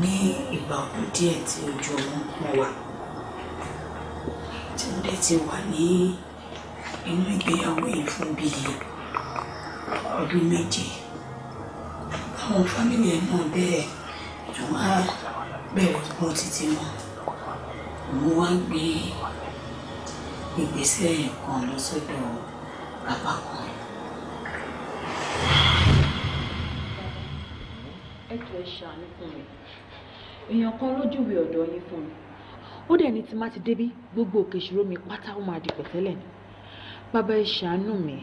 ní ìgbà ọdún díẹ̀ tí ojú ọmọ ń pọ̀ wá tí mo dẹ̀ ti wà ní inú ìgbéyàwó yìí fún bíi ọdún méje àwọn fámìlì ẹ̀ náà bẹ́ẹ̀ wọ́n á bẹ̀rẹ̀ gbọ́ títí wọn mo wá gbé ìgbésẹ̀ kan lọ bàbá kan ẹ jọ ẹ ṣàánú fún mi èèyàn kan lójúwe ọ̀dọ̀ yín fún mi ó dẹ̀ ní tí má ti débí gbogbo òkè ìṣòro mi pátá ó máa di pẹ̀tẹ́lẹ̀ ni bàbá ẹ ṣàánú mi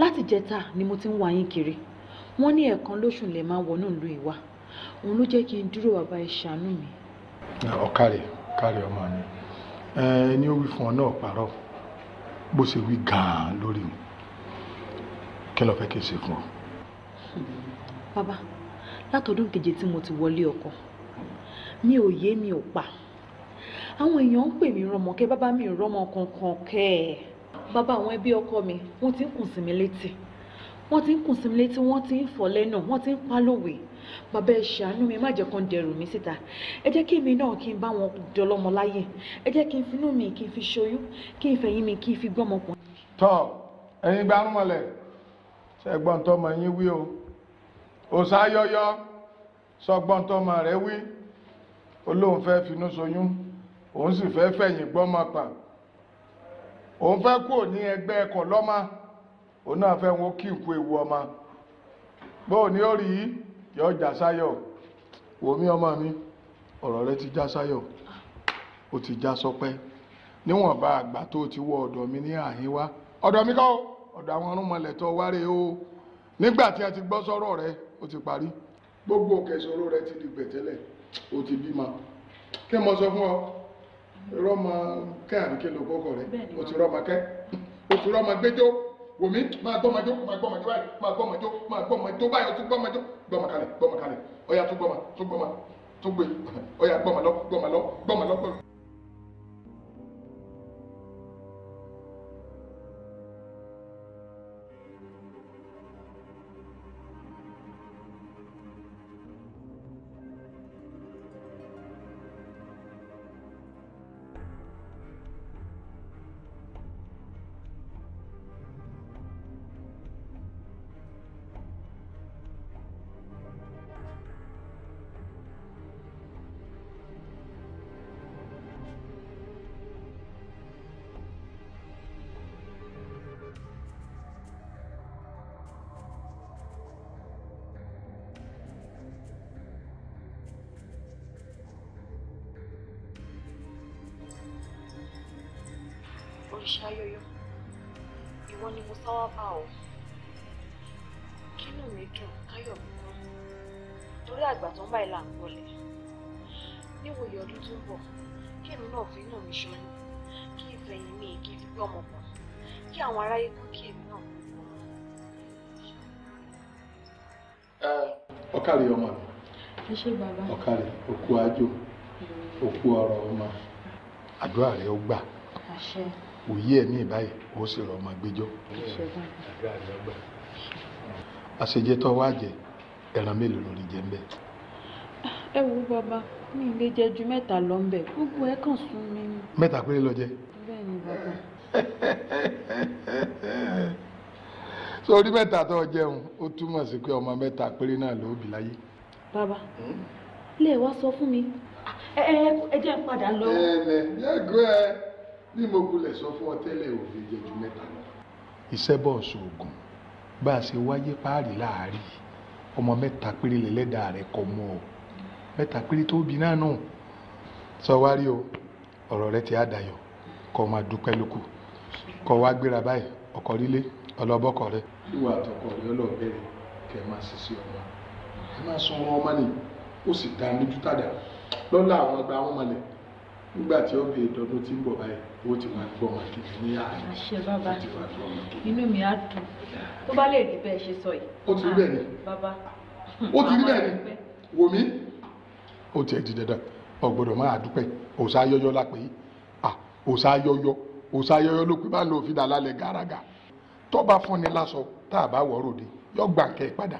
láti jẹta ni mo ti ń wá yín kiri wọ́n ní ẹ̀ẹ̀kan lóṣù lè máa wọnú ìlú ìwà òun ló jẹ́ kí n dúró bàbá ẹ ṣàánú mi. ọ̀kàrẹ̀ ọ̀kàrẹ̀ ọmọ mi ẹni ó wí fún ọ náà pàrọ̀ bó ṣe wí gan-an lórí mi kí ló fẹ́ kí n ṣe fún ọ. bàbá látọdún keje tí mo ti wọlé ọkọ mi ò yé mi ò pa àwọn èèyàn ń pè mí rọmọkẹ bàbá mi rọmọ kankan kẹ ẹ bàbá àwọn ẹbí ọkọ mi wọ́n ti ń kùn sí mi létí wọ́n ti ń kùn sí mi létí wọ́n ti ń fọ́ lẹ́nu wọ́n ti ń pa bàbá ẹ ṣàánú mi má jẹ́ kán dẹrù mi síta ẹ jẹ́ kí èmi náà kí n bá wọn dọlọ́mọ láyè ẹ jẹ́ kí n finú mi kí n fi ṣoyún kí n fẹ̀yìn mi kí n fi gbọ́mọ pọ̀. tọ ẹ̀yin gbárùmọlẹ ṣẹgbọn tọmọ yín wí o òsáyọyọ sọgbọ́n tọmọ rẹ̀ wí olóhùn fẹ́ finú soyún òun sì fẹ́ fẹ̀yìn gbọ́mọ pà òun fẹ́ kúrò ní ẹgbẹ́ ẹkọ̀ lọ́mọ òun náà fẹ́ wọn kí nkú ewu ọmọ bóò ní ó rí yọ jà sáyọ̀ wòmí ọmọ mi ọ̀rọ̀ rẹ ti já sáyọ̀ ó ti já sọpẹ́ níwọ̀nba àgbà tó ti wọ ọ̀dọ̀ mi ní àhín wá ọ̀dọ̀ mi kọ́ ọ̀dọ̀ àwọn ọ̀rùnmọ̀lẹ̀ tó wáré o nígbà tí a ti gbọ́ sọ́rọ̀ rẹ̀ ó ti parí gbogbo kẹsàn-án rẹ ti di gbẹ̀tẹ́lẹ̀ ó ti bímọ kí mo sọ fún ọ rọmọ kẹ́ àríkè ló kọ́kọ́ rẹ ó ti rọmọ kẹ́ ó ti rọmọ gbẹjọ́ wòmí máa gbọ́ ọmọdé máa gbọ́ ọmọdé báyìí máa gbọ́ ọmọdé máa gbọ́ ọmọdé báyìí ó ti gbọ́ ọmọdé gbọ́mọ kalẹ̀ gbọ́mọ kalẹ̀ ọ̀yà tún gbọ́mọ tún gbọ́mọ tún gbé ọ̀yà gbọ́mọ lọ gbọ́mọ lọ gbọ́mọ lọ gbọ́mọ. ọ̀kàrẹ̀ òkú ajo òkú ọ̀rọ̀ ọmọ àdúrà rẹ ó gbà òye ẹ̀mí ìbáyìí ó sì rọ ọmọ gbẹjọ́ àṣejẹ tó wá jẹ ẹran mélòó lórí jẹ ń bẹ. ẹ wo bàbá mi lè jẹ ju mẹ́ta lọ ń bẹ gbogbo ẹ kàn sún mi. mẹ́ta péré ló jẹ. bẹ́ẹ̀ ni bàbá. sórí mẹ́ta tó jẹun ó túmọ̀ sí pé ọmọ mẹ́ta péré náà ló bí láyé. bàbá hmm? ilé wa sọ fún mi ah, ẹ jẹ́ padà lọ. ẹ̀ẹ̀lẹ̀ yẹ́gọ́ ẹ bí mo sọ fún ọ tẹ́lẹ̀ òfin mẹta mẹ́ta lọ. iṣẹ́ ṣoògùn bá a ṣe wáyé páàrí ọmọ mẹ́ta péré lẹ́lẹ́dàá rẹ̀ kọ mọ́ ọ mẹ́ta péré tó bí náà nù sọ wá o ọ̀rọ̀ rẹ ti á dayọ̀ kọ́ ọ máa dúpẹ́ kọ́ wá gbéra báyìí ọkọ̀ ọlọ́bọ̀kọ̀ rẹ. ìwà àtọkọ̀ kẹ́ máa ṣiṣẹ́ ẹ máa sun ọmọ ọmọ nì ó sì dá lójú tàdá lọ́la àwọn ọgbà àwọn ọmọlẹ̀ nígbà tí ó fi ìdọ́dún tí ń bọ̀ báyìí ó ti máa gbọ́ ọmọ kejì ní àná àṣẹ bàbá inú mi á dùn tó bá lè rí bẹ́ẹ̀ ṣe sọ yìí ó ti rí bẹ́ẹ̀ ni ah, ó ti rí bẹ́ẹ̀ ni wò mí ó tiẹ̀ di dandan o gbọ́dọ̀ máa dúpẹ́ òòsà yọyọ lápẹ́ yìí ah, òòsà yọyọ òòsà yọyọ ló pé báà lóò fi dà lálẹ́ gàràgà tó bá fún tá a bá wọ̀ ọ́ yọ gbàǹkẹ́ padà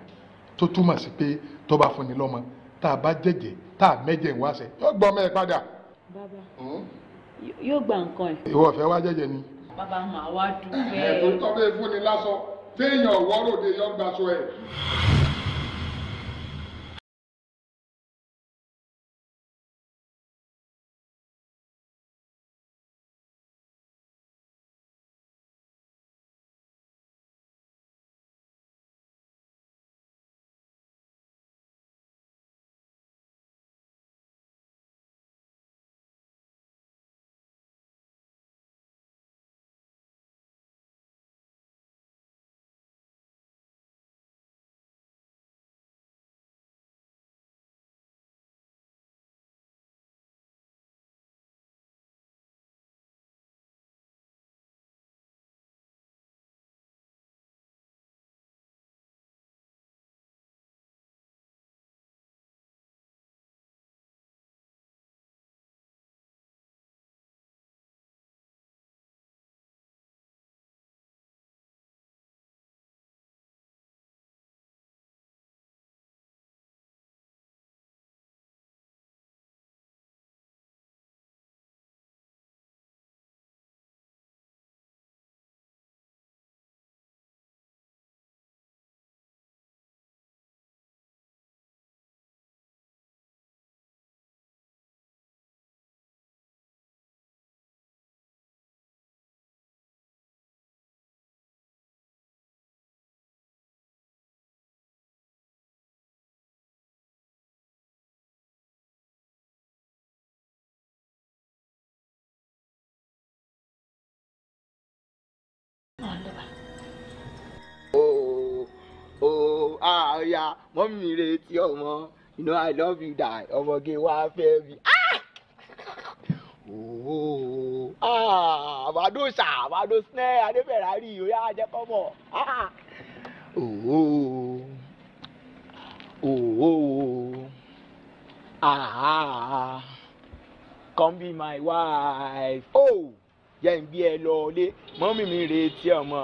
tó túmọ̀ sí pé tó bá fún ni lọ́mọ tá a bá jẹ̀jẹ̀ tá a mẹ́jẹ̀ ń wáṣẹ̀ yóò gbọ́ ọmọ padà. bàbá hmm? yóò gba nǹkan ẹ. ìwọ ọ̀fẹ́ wá jẹ̀jẹ̀ ni. bàbá màá wá dúpẹ́. ẹ̀ tó bẹ́ẹ̀ fún ni téèyàn wọ́rọ̀ de yọ gbaṣọ ẹ̀. lọ́ba. o o àyà mọ́mí retí ọmọ you know i love you die ọmọge wá fẹ́ mi. Ah! Ah, àbádó ṣà àbádó sinẹ́ adébẹ̀rárì ó yá jẹ́ kọ́mọ̀. Ah! ah, come be my wife. Oh! jẹ́ ń bí ẹ lọ ọlé mọ́mì mi retí ọmọ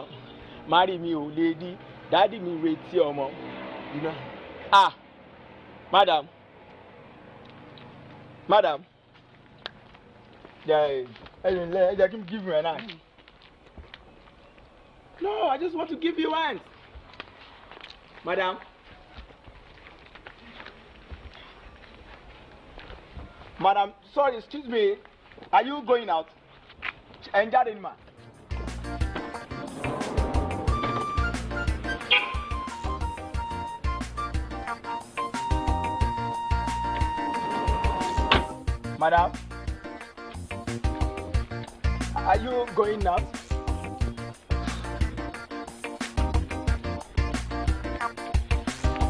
mari mi ò lè rí dádì mi retí ọmọ you know ah madam madam ẹ ẹ jẹ́ kí n give you an eye. No, I just want to give you hands. Madam. Madam, sorry, excuse me. Are you going out? ẹ̀ ń jáde Madam, are you going now?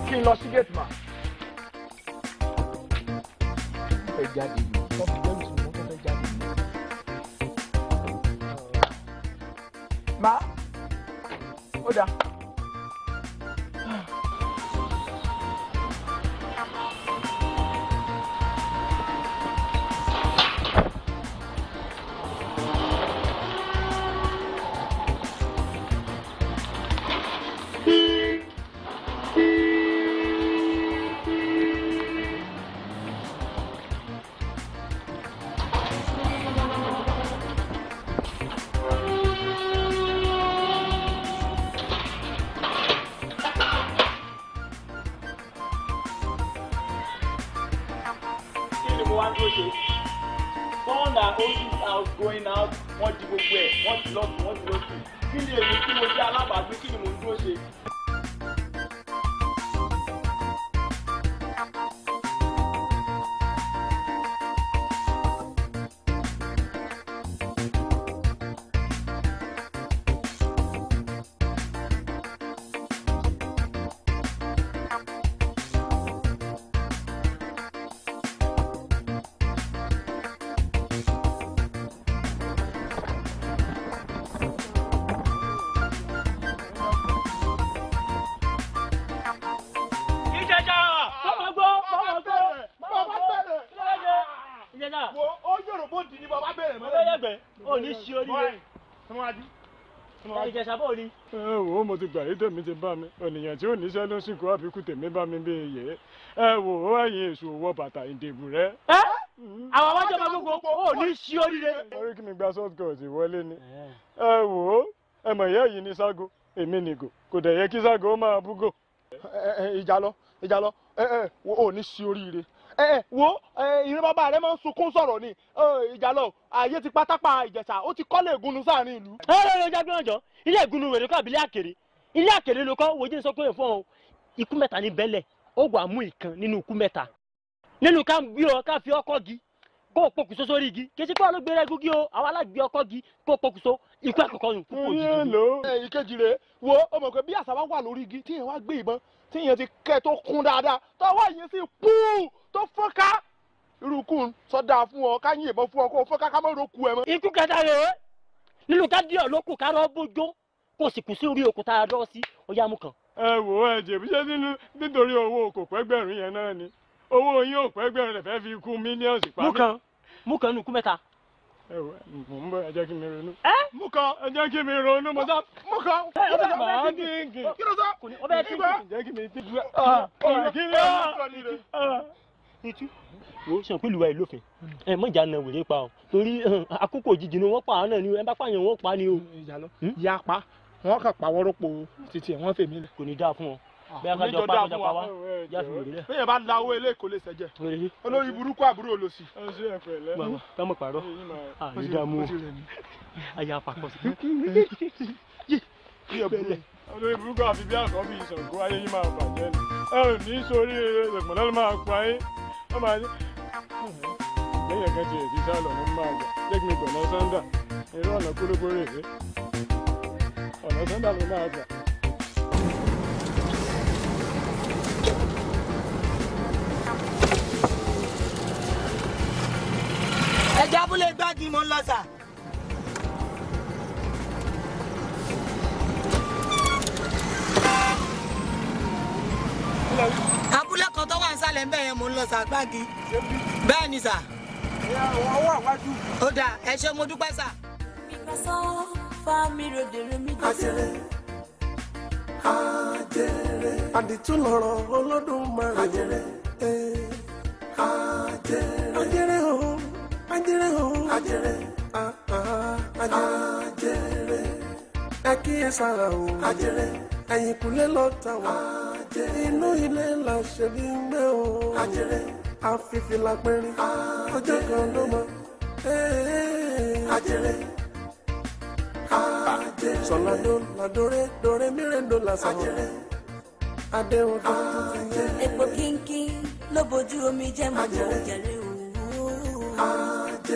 Kí n lọ sí gate ma? Ẹ jáde yìí. tèmi ti bá mi ènìyàn tí ò níṣẹ́ ló sìnkú àbíkú tèmi bá mi bí iye ẹ wò ó ẹ̀yin èso wọ bàtà ìdìbò rẹ. àwọn ọmọ ìjọba gbogbo ò ní sí oríire. orí kí mi gba short cut ìwọlé ni ẹ wò ó ẹ mọ̀ ìyá yìí ní ságo èmi nìgò kò dẹ̀ yẹ kí ságo máa búgò. ìjà lọ ìjà lọ ò ní sí oríire ẹ wo ìran bàbá rẹ máa ń sunkún sọ̀rọ̀ ni ìjàlọ ààyè ti pátápá ìjẹ̀ṣà ó ti kọ́lé ìgúnnu sáàrin ìlú. ẹ ẹ ẹ jágbé ọjọ ilé ìgúnnu wèrè kọ àbílẹ àkèrè ilé àkèrè ló kọ́ wojú sọ pé fún ọ ikú mẹ́ta ní bẹ́lẹ̀ ó wà mú ìkan nínú ikú mẹ́ta nínú ká gbé ọ ká fi ọkọ gi kó o pokùnso sórí igi kìsí pé ọlọ́gbẹ́ rẹ gúgí o àwọn alágbé ọkọ gi kó o pokùnso ikú àkọ́kọ́ nù fún òjijì. ẹyìn kejì rẹ wo ọmọ pé bí àṣà wa wà lórí igi tíyẹn wá gbé ìbọn tíyẹn ti kẹ tó kún dáadáa tọwọ́ yẹn sì púù tó fọ́nká irukun sọdá fún ọ ká yín ìbọn fún ọ kó o fọ́nká ká mọ́ ro ku ẹ mọ́. ikú kẹta rèé nínú ká dí ọ lókù ká rọ bójó kó o sì kù sí orí òkú tá a dọ́ sí ọyá mú kan. ẹ wò ó ẹ jèbí ṣé nínú nítorí owó kò pẹ́gbẹ̀rún yẹn náà ni owó yín ò pẹ́gbẹ̀rún rẹ̀ fẹ́ fi kú mílíọ̀nù pa mí. mú kan mú kan nù kú mẹ́ta. ẹ wò ó ń bọ ẹ jẹ́ kí mi ronú. ẹ mú kan ẹ jẹ́ kí mi ronú mo sá mú kan. ẹ ọbẹ̀ máa ń dínkì kí ló sọ. kò ní ọbẹ̀ tí kò jẹ́ kí mi ti dúró. Ah, kí ni ó ìtú ah, wo sọ pé ìlú wa ìlófin ẹ mọ ìjà náà wèrè pa ọ torí eh, àkókò òjijì ni wọn pa ọ náà ni ẹ bá pààyàn wọn pa ni o. ìyá hmm? pa wọ́n kà pàwọ́ rọ́pò títí ẹ̀ wọ́n fèmí lẹ̀. kò ní dáa fún ọ ah, bẹ́ẹ̀ ká jọ pa àjọ pa wá yá fi wèrè bẹ́ẹ̀ bá la owó ilé kò sẹ́jẹ̀ olórí burúkú àbúrò olóṣì. bàbá táwọn pàrọ̀ àyè dààmú àyè àpapọ̀ sí olórí burúkú àfi bí àkọ́bí ìṣàngó ayé yìí máa bàjẹ́ ni ẹ ò ní sórí ẹgbọ̀n lọ́nà máa pa yín wọ́n máa ní. lẹ́yìn ẹ̀ka tiẹ̀ ti sá lọ máa jẹ́ kí mi gbọ̀nà sọ́ńdà ẹ̀rọ ọ̀nà tó ń dà ló máa gbà. ẹja abúlé gbági mo ń lọ sà. abúlé kan tó wà nísàlẹ̀ ń bẹ̀ yẹn mo ń lọ sà gbági bẹ́ẹ̀ ni sà. ó dáa ẹ ṣé mo dúpẹ́ sà bá mi ròdèrè mi jẹ́. ajẹrẹ ajẹrẹ àdìtú lọ̀rọ̀ ọlọ́dún márùn. ajẹrẹ ajẹrẹ ajẹrẹ o ajẹrẹ o ajẹrẹ ah, ah, ajẹrẹ ẹ kíyèsára o ajẹrẹ ẹ̀yìnkùlé lọ́ta wà inú ilé la ṣe bí ń gbé o àfìfìlà pẹ́rín ọjọ́ kan ló mọ ajẹrẹ do, sọládó ládóré dóré mírèndó làṣàwọn adéhùn tó tún ti yẹ. epo kínkín ló bójú omi jẹ́ mọ́ jàre o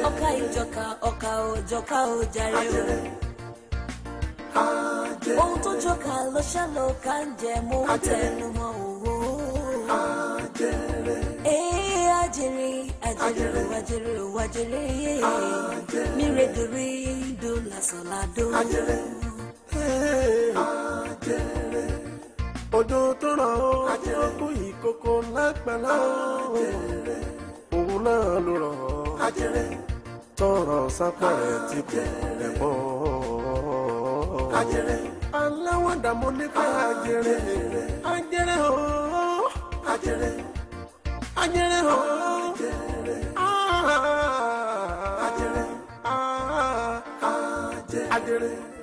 ọkà ìjọka ọkà òjọka o jàre o ohun tó jọka ló ṣàlọ ká ń jẹ mọ́ tẹnu mọ́ òwò wájèrè àjèrè wájèrè wájèrè mire dòrè dò làsànládò. odò tó ràn ó kú ìkókó lágbàlá òun náà ló ràn ó tọrọ sápá rẹ ti kú ẹbọ. aláwọ̀ dàmú nípa àjèrè àjèrè ó àjèrè àjèrè ó. Ajere, Adere. Ajere.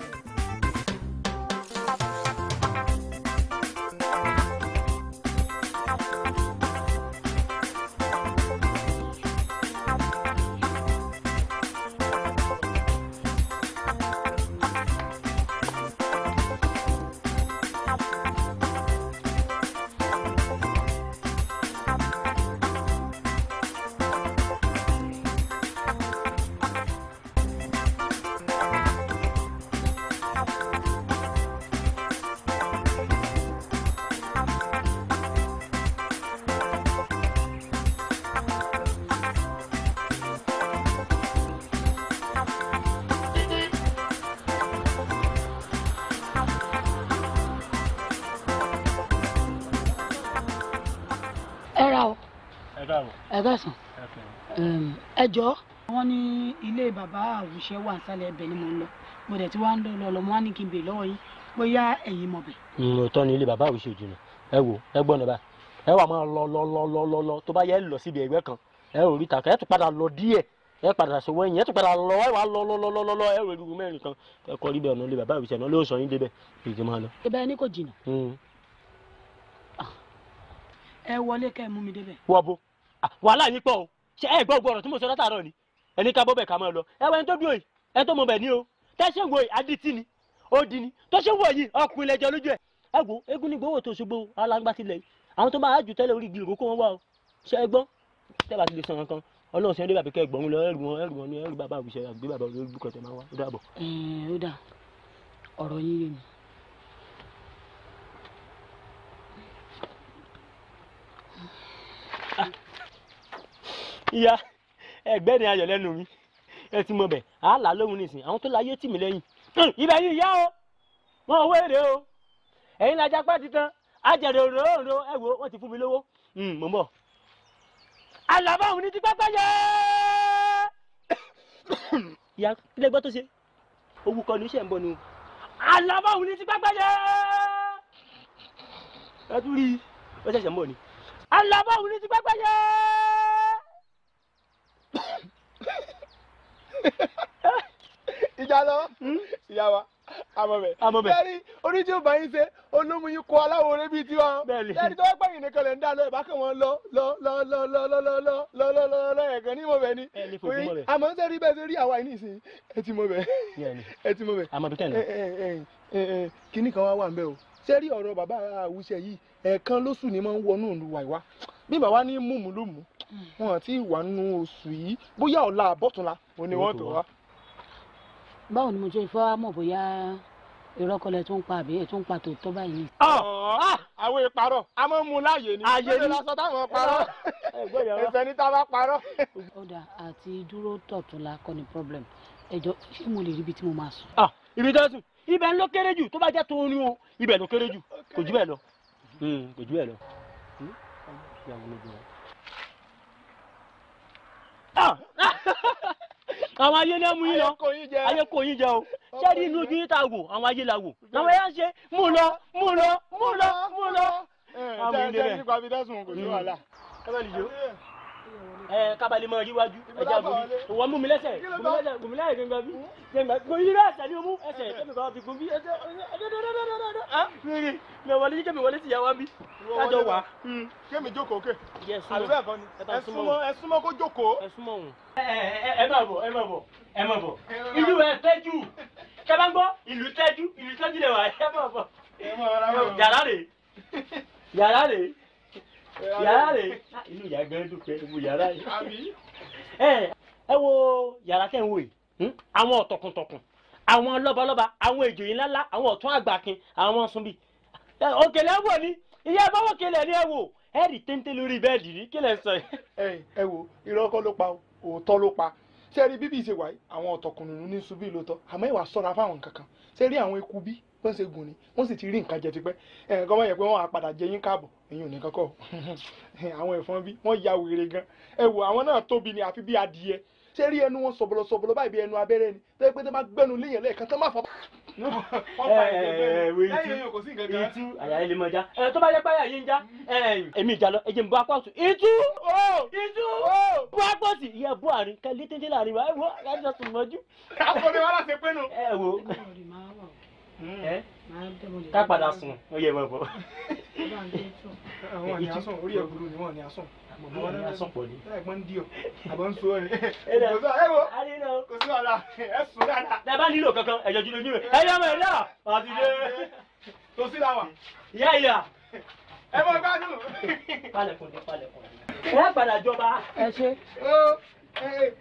ẹgbẹ́sàn ẹjọ́ wọ́n ní ilé bàbá àwùṣe wà nísàlẹ̀ ẹbẹ̀ ni mo ń lọ mo dẹ̀ tí wàá ń lọ lọ mo wá ní kí n bè lọ́wọ́ yín bóyá ẹ̀yin mọ̀ bẹ̀. òótọ́ ni ilé bàbá àwùṣe ò jìnnà ẹ wò ẹ gbọ́n náà ẹ wà máa lọ lọ lọ lọ lọ tó bá yẹ lọ síbi ẹgbẹ́ kan ẹ ò rí tàkà ẹ tún padà lọ díẹ̀ ẹ padà sọwọ́ ẹ̀yìn ẹ tún padà lọ ẹ wà lọ lọ lọ lọ lọ ẹ rò egungun mẹ́rin kan ẹ kọ́ ríbẹ̀ ọ̀nà ilé bàbá àwùṣe náà lóò yín débẹ̀ ìdí máa lọ. ibẹ̀ ni kò jìnnà. Hmm. ẹ wọlé kẹ́ ẹ mú mi débẹ̀. wọ́n bó Ah, wàhálà yín pọ̀ o ṣe ẹ gbọ́ ọ̀rọ̀ tí mo sọ látàárọ̀ ni ẹni ká bọ́ bẹ̀ ká máa lọ ẹ wẹ́n tó dúró yìí ẹ tó mọ bẹ̀ ní o tẹ́sán wo yìí adití ni odi ni tó ṣe wò yìí ọkùnrin lẹ́jọ́ lójú ẹ̀ ẹ wo eégún ní gbowó tó ṣogbo alangba tilẹ̀ yìí àwọn tó bá jù tẹ́lẹ̀ orí gbìyànjú kó wọ́n wá o ṣe ẹ gbọ́n tẹ́lá ti lè sọ kankan ọlọ́run ṣe ń débà pé kẹ́ gbọ́n lọ ẹrù wọn ẹrù wọn ni ẹrù bàbá àwùjọ àgbé bàbá olórí bùkọ̀ tẹ̀ máa wá ó dàbọ̀. ẹ ó dà ìyá ẹgbẹ́ ni ayọ̀ lẹ́nu mi ẹ ti mọ̀ bẹ̀ á là lóhun nìsín àwọn tó láyé tì mí lẹ́yìn ibẹ̀ yìí ìyá o wọn ò wéèrè o ẹ̀yin lajá pẹ́ ti tán ajẹ̀rẹ̀ òróró ẹ wo wọ́n ti fún mi lówó mò ń bọ̀ àlàbà òun ni ti pẹ́pẹ́ yẹ ìyá kílẹ̀ gbọ́ tó ṣe owó kọ́ ni iṣẹ́ ń bọ̀ ni o àlàbà òun ni ti pẹ́pẹ́ yẹ ẹ tún rí i ó ṣẹ̀ṣẹ̀ ń bọ̀ ni àlàbà òun ni ti pẹ́pẹ́ yẹ. ìjà lọ ìyá wa amọ̀bẹ̀. amọ̀bẹ̀. bẹ́ẹ̀ni oníjì bá yín ṣe olómuyín kọ aláwo rẹ bíi tiwọn. bẹ́ẹ̀ni bẹ́ẹ̀ni tó wá gbẹ̀yìn nìkan lẹ̀ ń dá lọ ìbá kan wọn lọ lọ lọ lọ lọ lọ lọ lọ lọ lọ lọ lọ ẹ̀gàn ní mọ̀bẹ̀ ni. ẹni kò bí mọ̀bẹ̀. àmọ́ ń sẹ́rí bẹ́ẹ̀ sẹ́rí àwa yìí nìsín ẹ ti mọ̀bẹ̀. ẹ ti mọ̀bẹ̀. àmọ̀bẹ̀ kíní kan wá wà ń bẹ̀ o sẹ́rí ọ̀rọ̀ bàbá àwùṣe yìí ẹ̀ẹ̀kan lóṣù ni máa ń wọnú ìlú wàyíwá bí bàbá ní mùmùlùmù wọn àti ìwà nínú oṣù yìí bóyá ọ̀la àbọ̀túnla òun ni wọ́n tó wá. báwo ni mo ṣe fẹ́ mọ̀ bóyá irọ́ kọlẹ̀ tó ń pa àbí ẹ̀ tó ń pa tòótọ́ báyìí. Ah! Ah! àwọn ìparọ́ a máa ń mu láàyè ni àyè ni lọ́sọ táwọn parọ́ ẹsẹ̀ ní tá a bá parọ́. ọ̀dà àti dúró tọ̀túnla kọ́ ni problem ẹ̀jọ̀ ṣé mo lè rí ibi tí mo máa sùn. Ah! ibi tó sùn ibẹ̀ ló kéré jù tó bá jẹ́ tóun ni o ibẹ̀ ló kéré jù kò jù bẹ́ẹ̀ lọ hmm, kò jù bẹ́ẹ̀ lọ. Hmm? Ah! àwọn ayé lé mú yín lọ ayé kò yín jẹ o ṣẹ́ẹ́dì inú ojú yín ta wò àwọn ayé la wò làwọn yá ń ṣe mú lọ mú lọ mú lọ mú lọ. ẹ ẹ tẹ ẹ tẹ nípa fi dẹ́sùn kò sí hmm. wàhálà. ẹ bẹ́ẹ̀ nìyó ẹ kábàlì mọ ríwájú ẹja gòbí òwò mú mi lẹ́sẹ̀ gòmí láyè gbẹngbẹ bí gbẹngbẹ gòmí rẹ ẹsẹ̀ ni mo mú ẹsẹ̀ kẹmi kọ fi gòmí ẹsẹ̀ rírì mi wọlé yí kẹmi wọlé sí yàwá bí kájọ wà. kẹmi jókòó kẹ àlùfẹ́ ẹ̀kọ́ ni ẹ súnmọ́ kó jókòó. ẹ súnmọ́ òun. ẹ má bọ̀ ẹ má bọ̀ ẹ má bọ̀ ìlú ẹ tẹ́jú tẹ́ bá ń gbọ́ ìlú tẹ́jú ìlú tẹ́jú lè wà ẹ má bọ̀ yàrá rè yàrá rè yàrá rẹ̀ inú ìyá gan dúpẹ́ gbogbo yàrá yìí. ẹ ẹ wo yàrá tẹ̀ ń wò yìí hm? àwọn ọ̀tọ̀kùntọ̀kùn àwọn lọ́balọ́ba àwọn ìjòyè ńláńlá àwọn ọ̀tún àgbàkin àwọn sunbi. òkèlè wò ni ìyá báwo kèlè ni ẹ wò ẹ rí téńté lórí bẹ́ẹ̀dì rí kílẹ̀ sọ yìí. ẹ wo irọ́ kọ́ ló pa òótọ́ ló pa ṣé rí bíbí ìṣèwà àwọn ọ̀tọ̀kùnrin ní subí ló tọ́ eku bíi wọ́n ṣe gùn ni wọ́n sì ti rí nǹkan jẹ tipẹ́ ẹ̀ẹ́dẹ́gbọ́n wọ́n yẹ pé wọ́n á padà jẹ yín káàbọ̀ ẹ̀yin ò ní kankan àwọn ẹ̀fọn bí wọ́n ya wèrè gan ẹ wò àwọn náà tóbi ni àfi bí adìyẹ ṣé rí ẹnu wọn sọ̀bọ̀lọ̀ sọ̀bọ̀lọ̀ báyìí bí ẹnu abẹ́rẹ́ ni tó yẹ pé tó máa gbẹ́nu léyìn lẹ́ẹ̀kan tó máa fọ. ìtú àyà ilé mọ já tó bá yẹ pé àyà yín já èmi ìjà lọ ẹjẹ mi bọ apá ọ̀tún ìtú ìtú bọ apá ọ̀tún ìyẹ bọ àárín kẹlí tẹ́tẹ́ láàrin wa ẹ wo ẹ jọ sùn mọ́jú. àfọ̀nẹ́wàlá ṣe pé nù. ẹ wo. Hmm. Eh? ẹ ká padà sùn ó yẹ bọ̀ bọ̀. Eh, àwọn àní asán orí ẹ̀gbọ́n ni wọ́n ní asán àwọn ní asán pọ̀ ni. ẹ̀gbọ́n ń díọ̀ àbọ̀ ń so ẹ̀ ẹ̀ kò sí kò sí ọ̀la ẹ̀ sùn dáadáa. tẹ bá nílò kankan ẹ̀jọ̀ jùlọ nílò ẹ̀ yọ ọmọ ẹ̀ náà àti dé. tó sí làwà. yá ìyá. ẹ mọ gbádùn. palẹ̀kùn ni palẹ̀kùn ni. ẹ padà jọba. ẹ ṣe. Oh, eh,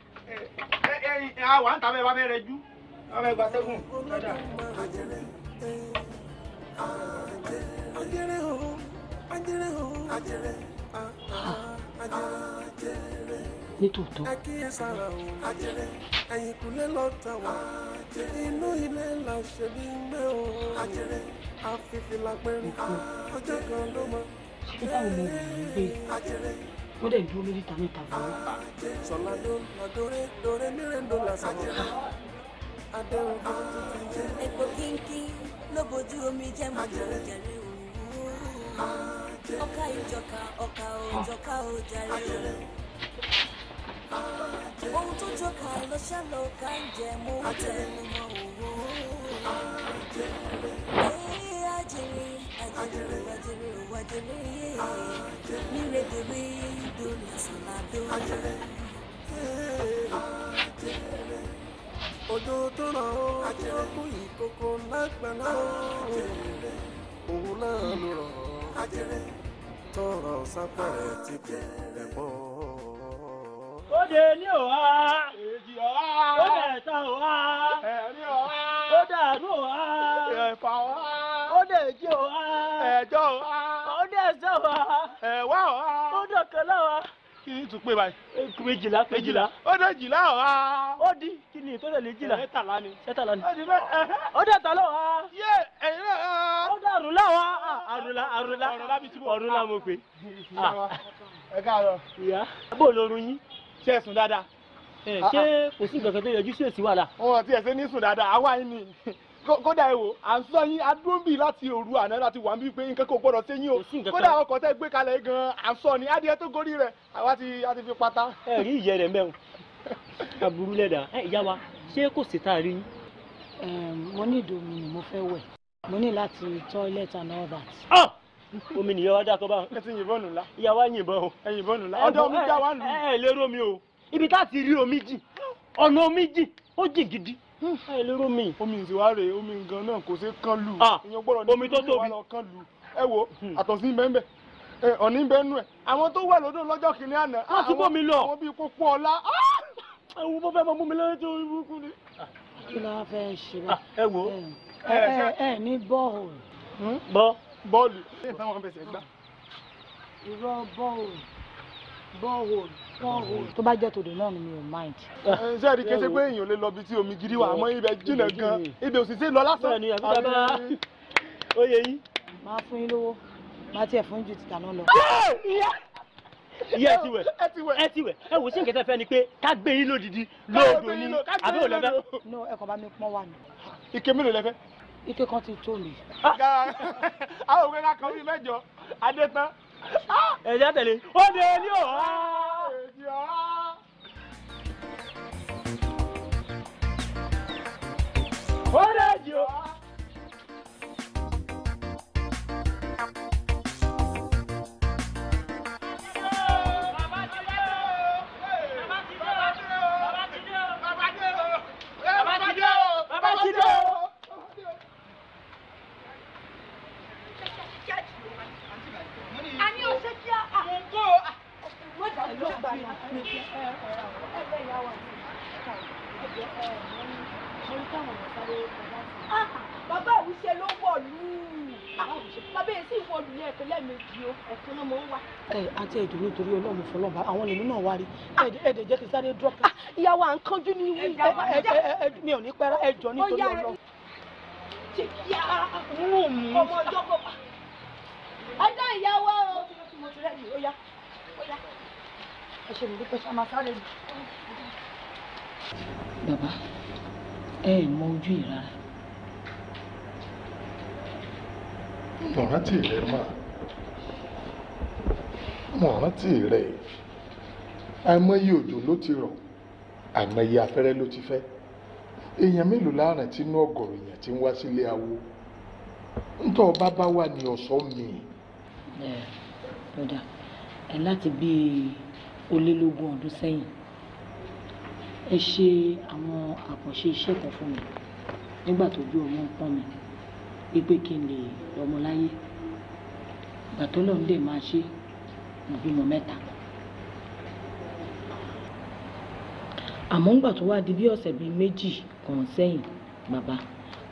àwọn àǹtà bẹ́ẹ̀ bá bẹ́ẹ̀ rẹ jú ọmọ nítòótọ́. inú ilé la ṣe bí ń gbé o ajẹrẹ àfìfì lápẹ́rẹ́ ọjọ́ kan ló mọ. ṣé báwo ni ìròyìn gbé wọ́n dẹ̀ dúró lórí ìta mẹ́ta bọ́. sọlá ló lọ dóré dóré mírèndó la sọ̀rọ̀ àbẹ̀wò kan epo kínkín ló bojú omi jẹ́ mọ́tò jẹ̀rẹ̀ òwú ọkà ìjọka ọkà òjọka òjàre ohun tó jọka ló ṣàlọ ká ń jẹ mú tẹnu mọ́ òwò ee ajere ajere wájere wájere yé mi rèdèrè dòlè sọlá dòlè ojú tó ràn ó ajẹ́kù ìkókó lágbàlá òun náà ló rọ̀ ọ́ tọrọ sápá ẹ̀ ti bẹ̀rẹ̀ bọ́. Ode ní òwá, èjì òwá, ode ẹ̀ta òwá, ẹ̀rin òwá, ode àánú òwá, ẹ̀fà òwá, ode èjì òwá, ẹ̀jọ òwá, ode ẹ̀sẹ̀ òwá, ẹ̀wá òwá, ode ọ̀kẹ́lẹ́ òwá kí ni tún pé báyìí. eku méjìlá méjìlá. ó dé jìlá ọ̀ ha. ó di kí ni ìtọ́jà lè jìlá. ẹ̀ẹ́tàlá ni. ẹ̀ẹ́tàlá ni. ó dé ẹ̀ẹ́tàlá ọ̀ ha. yé ẹ̀yin náà ha. ó dé àrùlá ọ̀ ha. àrùlá àrùlá àrùlá mi ti bọ̀ àrùlá mo pè. Ah. Ah. ẹ káàárọ̀. ìyá bó lorun yín. ṣé ẹ sùn dáadáa. Eh, ṣé kò sí nǹkan kan tó yọjú sí èsì wàhálà. wọn ti ẹsẹ ní sùn dáadáa àwa yín ni. kódà ẹ wo à ń sọ yín adúmbì láti òru àná láti wà ń bí pé nǹkan kò gbọdọ̀ sí yín o kódà ọkọ̀ tẹ́ gbé kalẹ̀ gan à ni adìẹ tó gorí rẹ àwa ti a fi pata. ẹ rí ìyẹ rẹ mẹ́rin aburú lẹ́dà ẹ ìyá wa ṣé kò sí tá a rí yín. mo ní ìdòmí ni mo fẹ́ ní láti toilet and all that ah! omi nìyẹn ẹ ti yìnbọn nù la. ìyá wa yìnbọn o. ẹ yìnbọn nù la. omi já wa ẹ ẹ lérò mi o. ibi Hmm. ẹ lérò mi. omi ìsìwárè omi nǹkan náà kò ṣeé kán lù. ìyẹn ah, gbọ́dọ̀ ní omi tó tóbi ẹ wo hmm. àtọ̀sí bẹ́ẹ̀ ọ̀ní bẹ́ẹ̀ nù ẹ̀ àwọn tó wà lódò lọ́jọ́ kìnínní àná. wọ́n ti bọ́ mi lọ. àwọn bíi kókó ọlá. ẹ wo bó fẹ́ máa mú mi lẹ́yìn tó ibú kú ni. kí ló fẹ́ ṣe bá. Ah, ẹ wo. ẹ ẹ ní bọ́ọ̀lù. Hmm? bọ́ọ̀lù. bọ́ọ̀lù. irọ́ bọ́ọ̀lù borehole borehole tó bá jẹ́ tòde náà ni mi ò mind. ṣé ẹ̀rí kése pé èèyàn lè lọ bí tí omi gidi wà àmọ́ ibẹ̀ jìnnà gan ibẹ̀ òṣìṣẹ́ lọ lásán. bẹ́ẹ̀ni àfi bàbá oyè yín. máa fún yín lówó máa tiẹ̀ fún ju tìta náà lọ. iye ẹtiwẹ ẹtiwẹ ẹ wò sí nkẹtẹ fẹ ni pé ká gbé yín lódìdí lóòdù ni àbí ò lẹfẹ. no ẹ kàn bá mi pọn wà ní. ike mélòó lẹfẹ. ike kan ti tó mi. àwọn òwe ká kọ bí mẹ́jọ adé tán ẹ̀jẹ̀ tẹ̀lé ó de ní o. ó de bàbá òun ṣe ló wọ̀lú bàbá èsì ìwọlù ní ẹ̀pẹ́ lẹ́ẹ̀mejì o ẹ̀kan náà mo ń wá. ẹ àti ẹjọ nítorí Ọlọ́run fọlọba àwọn lèmi náà wá rí ẹdẹ jẹ́ kí sáré drop. Ah, ìyàwó à ń kánjú ní wí mi ò ní pẹ́ ẹjọ nítorí Ọlọ́run. ọmọ ọjọ́ kọ́ pa ọjọ́ ìyàwó o. mo ti rẹ́ mi ó yá ẹ ṣe mi dúpẹ́ sá bàbá ẹ ẹ̀ mọ ojú yìí rárá. mo rántí rẹ mà mo rántí rẹ àìmọye òjò ló ti rọ̀ àìmọye afẹ́rẹ́ ló ti fẹ́ èèyàn mélòó láàrín tí inú ọ̀gọ̀rọ̀ èèyàn ti ń wá sílé awo ntọ́ ọba bá wà ní ọ̀sọ́ mi. ẹ ẹ láti bíi olélógún ọdún sẹ́yìn ẹ ṣe àwọn àkànṣe iṣẹ́ kan fún mi nígbà tójú ọmọ ń pọ́n mi wípé kí n lè rọmọ láyé ìgbà tó lọ́n dè máa ṣe mo bímọ mẹ́ta. àmọ́ ńgbà tó wá di bí ọ̀sẹ̀ bíi méjì kan sẹ́yìn bàbá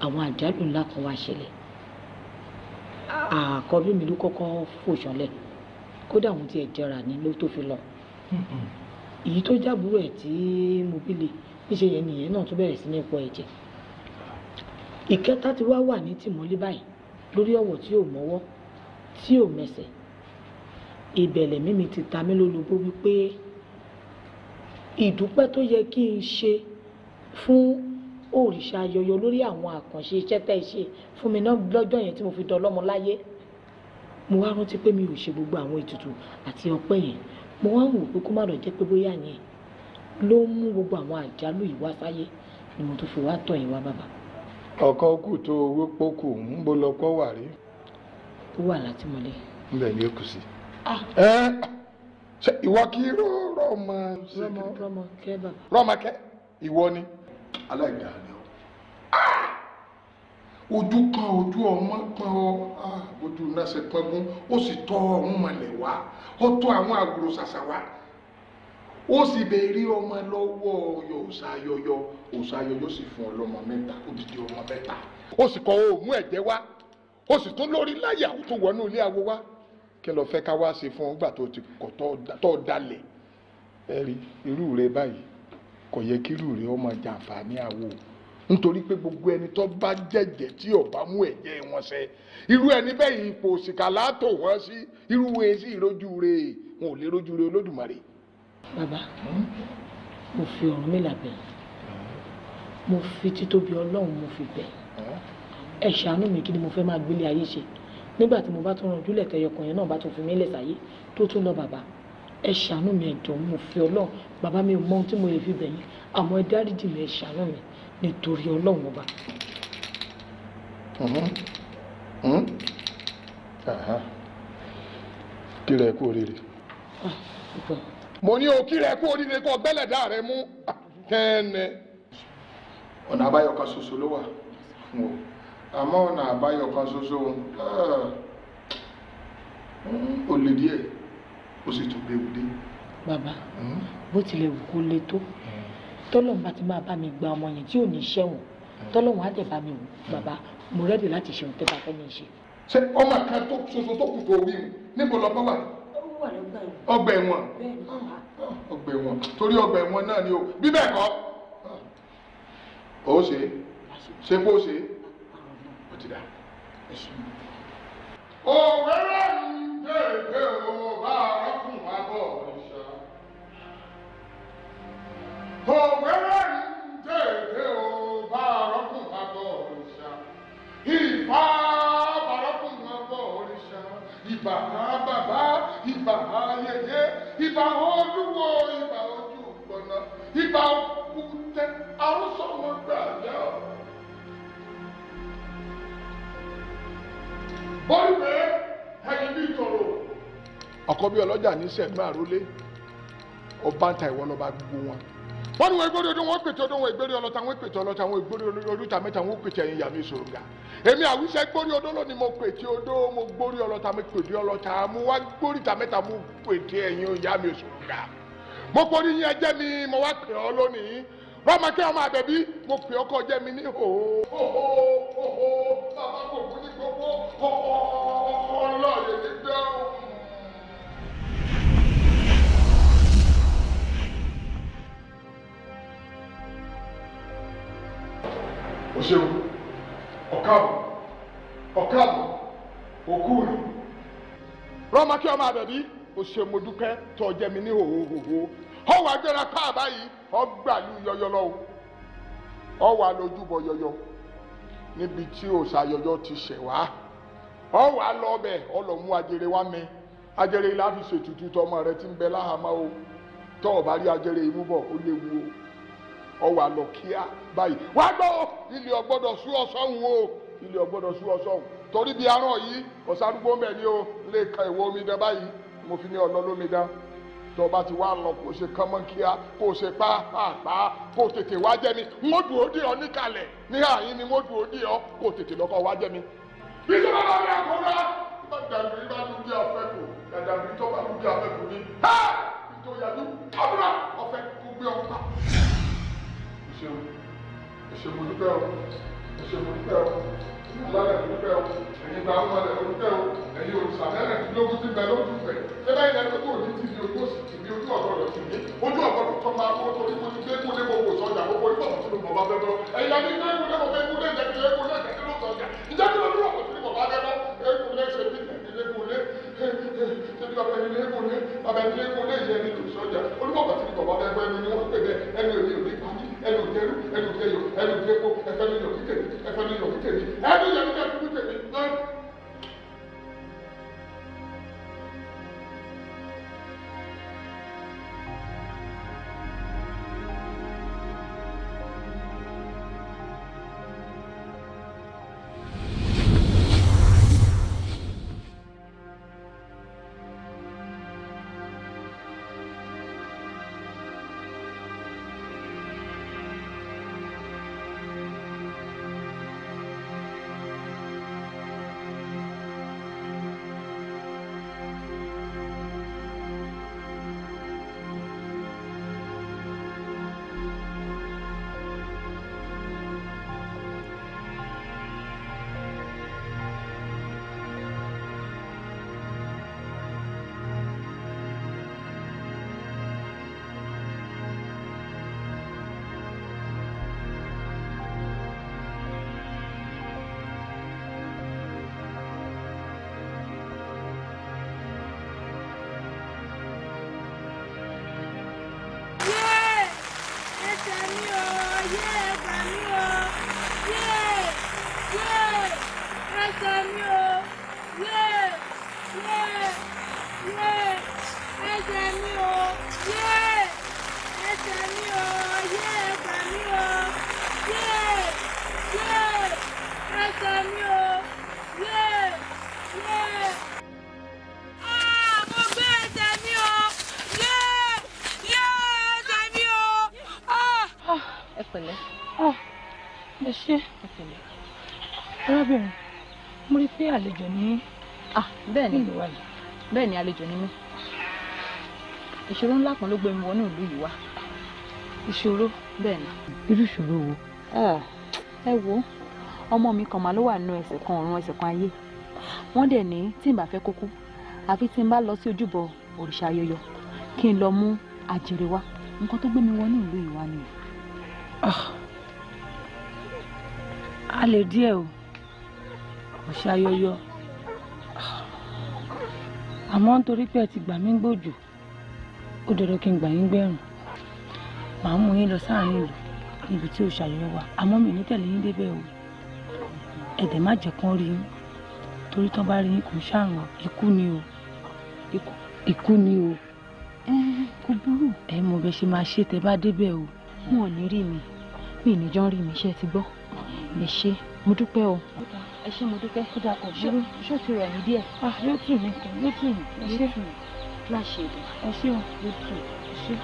àwọn àjálù ńlá kan wá ṣẹlẹ̀ àkọ́bí mi ló kọ́kọ́ fò ṣánlẹ̀ kódà òun tiẹ̀ jẹrà ní ló tó fi lọ èyí tó jábùrú ẹ̀ tí mo bí le níṣẹ́ yẹn nìyẹn náà tó bẹ̀rẹ̀ sí ní pọ ẹ̀jẹ̀ ìkẹta ti wá wà ní tìmọ́lé báyìí lórí ọ̀wọ̀ tí ò mọ́wọ́ tí ò mẹsẹ̀ ìbẹ̀lẹ̀ mímí ti ta mí lólobó wípé ìdúpẹ́ tó yẹ kí n ṣe fún òrìṣà yọyọ lórí àwọn àkànṣe iṣẹ́ tẹ́ ẹ ṣe fún mi náà lọ́jọ́ yẹn tí mo fi dán ọlọ́mọ láyé mo wá rántí pé mi ò ṣe gbogbo àwọn ètùtù àti ọpẹ́ yẹn mo wá ń wò pé kó má lọ jẹ́ pé bóyá yẹn ló ń mú gbogbo àwọn àjálù yìí wá sáyé ni mo tún fi wá tọ̀ yín wá kù tó owó pọ́kù ń bó lọ wà rí. ó wà látìmọ́lé. sí. Ah. ṣe ìwọ kí rọmọ. rọmọ kẹ bàbá. rọmọ ni. ojú kan ojú ọmọ kan ọ ojú náà ṣe pọngun ó sì tọ́ ọ̀hún mọ̀lẹ̀ wá ó tọ́ àwọn àgùrò ṣàṣà wá ó sì béèrè ọmọ lọ́wọ́ òṣàyọyọ òṣàyọyọ sì fún ọ lọ́mọ mẹ́ta odidi ọmọ mẹ́ta ó sì kọ òòmù ẹ̀jẹ̀ wá ó sì tún lórí láyà tó wọnú ilé awo wá kí lọ fẹ́ ká wá ṣe fún ọ nígbà tó ti kọ̀ tọ́ dalẹ̀ ẹ rí irú rẹ báyìí kò yẹ kí irú rẹ ọmọ jàǹfààní awo o nítorí pé gbogbo ẹni tó bá jẹ̀jẹ̀ tí ò bá mú ẹ̀jẹ̀ wọn ṣẹ irú ẹni bẹ́ẹ̀ ipò òṣìkà látò wọ́n sí irú wẹ́ẹ́ sí ìrójú re wọn ò lè rójú re olódùmarè. bàbá mo fi ọ̀rọ̀ mi làbẹ̀ mo fi títóbi ọlọ́run mo fi bẹ̀ ẹ ṣàánú mi kí ni mo fẹ́ máa gbélé ayé ṣe nígbà tí mo bá tún ranjú lẹ̀kẹ́ ọkàn yẹn náà bá tún fi mí lẹ̀ sáyé tó tún lọ bàbá ẹ ṣàánú mi ẹ̀dùn mo fi ọlọ́run bàbá mi ò mọ ohun tí mo lè fi bẹ̀ yín àmọ́ ẹ dáríjì mi ẹ ṣàánú mi nítorí ọlọ́run ọba. kí lẹ kú oríire. Ah, mo ní o kí lẹ kú oríire kọ gbẹ́lẹ̀dá rẹ mú ah, kẹ́ẹ̀nẹ́. ọ̀nà àbáyọ kan ṣoṣo ló wà fún o àmọ́ ọ̀nà àbáyọ kan ṣoṣo ah, ó le díẹ̀ ó sì tún gbé e dé. bàbá bó tilẹ̀ wù kó le tó tọ́lọ́run bá ti máa bá mi gba ọmọ yẹn tí ò ní ṣẹ̀wọ̀n tọ́lọ́run á tẹ̀ bá mi wò bàbá mo rẹ́dì láti ṣe ohun tẹ́ bá fẹ́ mi ṣe. ṣé ọmọ kan tó ṣoṣo tó kù tó wí mu níbo lọ bá wà. ọgbà ẹ̀wọ̀n ọgbà ẹ̀wọ̀n torí ọgbà ẹ̀wọ̀n náà ni o bí bẹ́ẹ̀ kọ́ ó ṣe ṣe kó ṣe ó ti dà ẹ̀sùn. òwúrọ̀ ń dèbè ò bá arákùnrin wa bọ̀ òwẹ́rẹ́ ń dèdè o bá arọ́kùn bá bọ̀ òrìṣà ìfà bàrọ́kùn bá bọ̀ òrìṣà ìbà bàbá ìbà ayẹyẹ ìbà olúwo ìbà ojú gbọ̀nà ìbà òkúté arúsọ wọn gbà yẹ ọ. bọ́lú ọkọ bí ọlọ́jà ní sẹ́gbẹ́ àrólé ọba ń ta ìwọ lọ́ba gbogbo wọn wọ́n ní wọn ìgbèrè ọdún wọn pètè ọdún wọn ìgbèrè ọlọ́ta wọn pètè ọlọ́ta wọn ìgbèrè olùta mẹ́ta wọn pètè ẹ̀yìn yàmi sòrògà èmi àwíṣẹ́ gbórí ọdún lónìí mo pètè ọdún mo gbórí ọlọ́ta mo pètè ọlọ́ta mo wá gbórí ta mẹ́ta mo pètè ẹ̀yìn yàmi sòrògà mo kórí yín ẹjẹ́ mi mo wá pè ọ́ lónìí wọ́n kí ọmọ àbẹ̀bí mo pè ọ́ kọ́ mi ní hòó bàbá kò kú ní gbogbo hòó hòó ọlọ́ọ̀yẹ̀ dẹ́rùn. o ṣeun ọ̀kàbọ̀ ọ̀kàbọ̀ òkú ni rọ́mọkẹ́ ọmọ àbẹ̀bí o ṣe mo dúpẹ́ tó o jẹ́ mi ní hòhòhò ọwọ́ agbára káàbá yìí ọgbàlú yọyọ lọ́wọ́ ọwọ́ alójúbọ yọyọ níbi tí òòṣà yọyọ ti ṣẹ̀ wá ọwọ́ alọ́ọ̀bẹ̀ ọlọ́mú ajere wá mi ajere ilá fi ṣètùtù tọmọ rẹ ti ń bẹ láhàámá o tọ́ ọ̀bá rí ajere ìmúbọ̀ ó léwu o ọwọ́ lọ kíá. báyìí wá gbọ́ ilé ọgbọ́dọ̀ sú ọ̀sọ́hún o ilé ọgbọ́dọ̀ sú ọ̀sọ́hún torí bí aràn yìí ọ̀sádúgbò mẹ́ ni o lè ka ìwọ omi dán báyìí mo fi ní ọ̀nà lómi dán tó o bá ti wá lọ kó o ṣe kánmọ́ kíá kó o ṣe pàápàá kó o tètè wá jẹ́ mi wọ́n dùn ó dì ọ́ níkàlẹ̀ ní àyín ni wọ́n dùn ó dì ọ́ kó o tètè lọ́kọ́ wá jẹ́ mi. ìjọba bá mi àkóra ìbàdàn ìbàdàn àfẹ́kù dàdàbí tó bá dúdú àfẹ́kù ní. ìjọba yàtú àbúrò ọ̀fẹ́ kó gbé ọ ẹ̀ṣẹ̀ mo dúpẹ́ o ẹ̀ṣẹ̀ mo dúpẹ́ o ẹ̀yin alálẹ̀ mo dúpẹ́ o ẹ̀yin gba àwọn ọmọdé mo dúpẹ́ o ẹ̀yin olùsàmẹ́rẹ̀ tí lógún ti bẹ lójú fẹ̀ ṣé báyìí lẹ́nu tó ní ti di ojú òsì kìíní ojú ọ̀gọ́dọ̀ kìíní ojú ọ̀gọ́dọ̀ tó máa kó torí mo ti gbẹ́kú lé gbogbo sọ́jà gbogbo ìgbà tó ti bọ̀ bá bẹ́ bọ́ ẹ̀yin àti gbẹ́kú lé gbogbo ẹ̀kú lé ìjẹ́kú lé gbogbo ẹ̀kú lé sọ́jà ìjẹ́kú lé gbogbo ti bọ̀ bá bẹ́ bọ́ ẹ̀kú lé ṣe bí ẹ̀kú lé ṣebí bàbá ẹni lé ẹ̀kú lé bàbá ẹni lé ẹ̀kú lé ìyẹn ní tòṣọ́jà olúkọ̀ bàtí bọ̀ bá bẹ́ bọ́ ẹni ni wọ́n pè bẹ́ẹ̀ ẹni òní òní kan É é ẹnu é, é família òjẹyọ ẹnu é família lòkítèmí ẹfẹmi é família, òjẹrú kẹfì. É ẹ̀yin àlejò ni mí ìṣòro ńlá kan ló gbé mi wọnú ìlú yìí wá ìṣòro bẹ́ẹ̀ ni. irú ìṣòro wo. ẹ wo ọmọ mi kan máa ló wà nínú ẹsẹ̀ kan ọ̀run ẹsẹ̀ kan ayé wọ́n dẹ̀ ní tí n bá fẹ́ kókó àfi tí n bá lọ sí ojúbọ òrìṣà ayọyọ kí n lọ mú àjèrè wá nǹkan tó gbé mi wọnú ìlú yìí wá ni. a lè díẹ̀ o òrìṣà ayọyọ àmọ́ nítorí pé ẹ ti gbà mí gbòjò ó dọ̀dọ̀ kí n gbà yín gbẹ̀rùn màá mú yín lọ sáàrin ìlú níbi tí òṣàyẹ wà àmọ́ mi ní tẹ̀lé yín débẹ̀ o ẹ̀dẹ̀ má jẹ́ kán rí yín torí tán bá rí yín kò ń ṣàrùn ikú ni o ikú ni o. Eh, kò burú. ẹ mọ bẹ ṣe máa ṣe tẹ bá débẹ̀ o. wọn ò ní rí mi mi ìníjọ́ rí mi ṣe ti gbọ́ ẹ ṣe mo dúpẹ́ o ẹ ṣé mo dúpẹ́. ó dà kò burú ṣó ti rẹ̀ mí díẹ̀. Ah, yóò tù mí yóò tù mí yóò tù láṣẹ ìdùn. ẹ ṣé o yóò tù ẹ ṣé.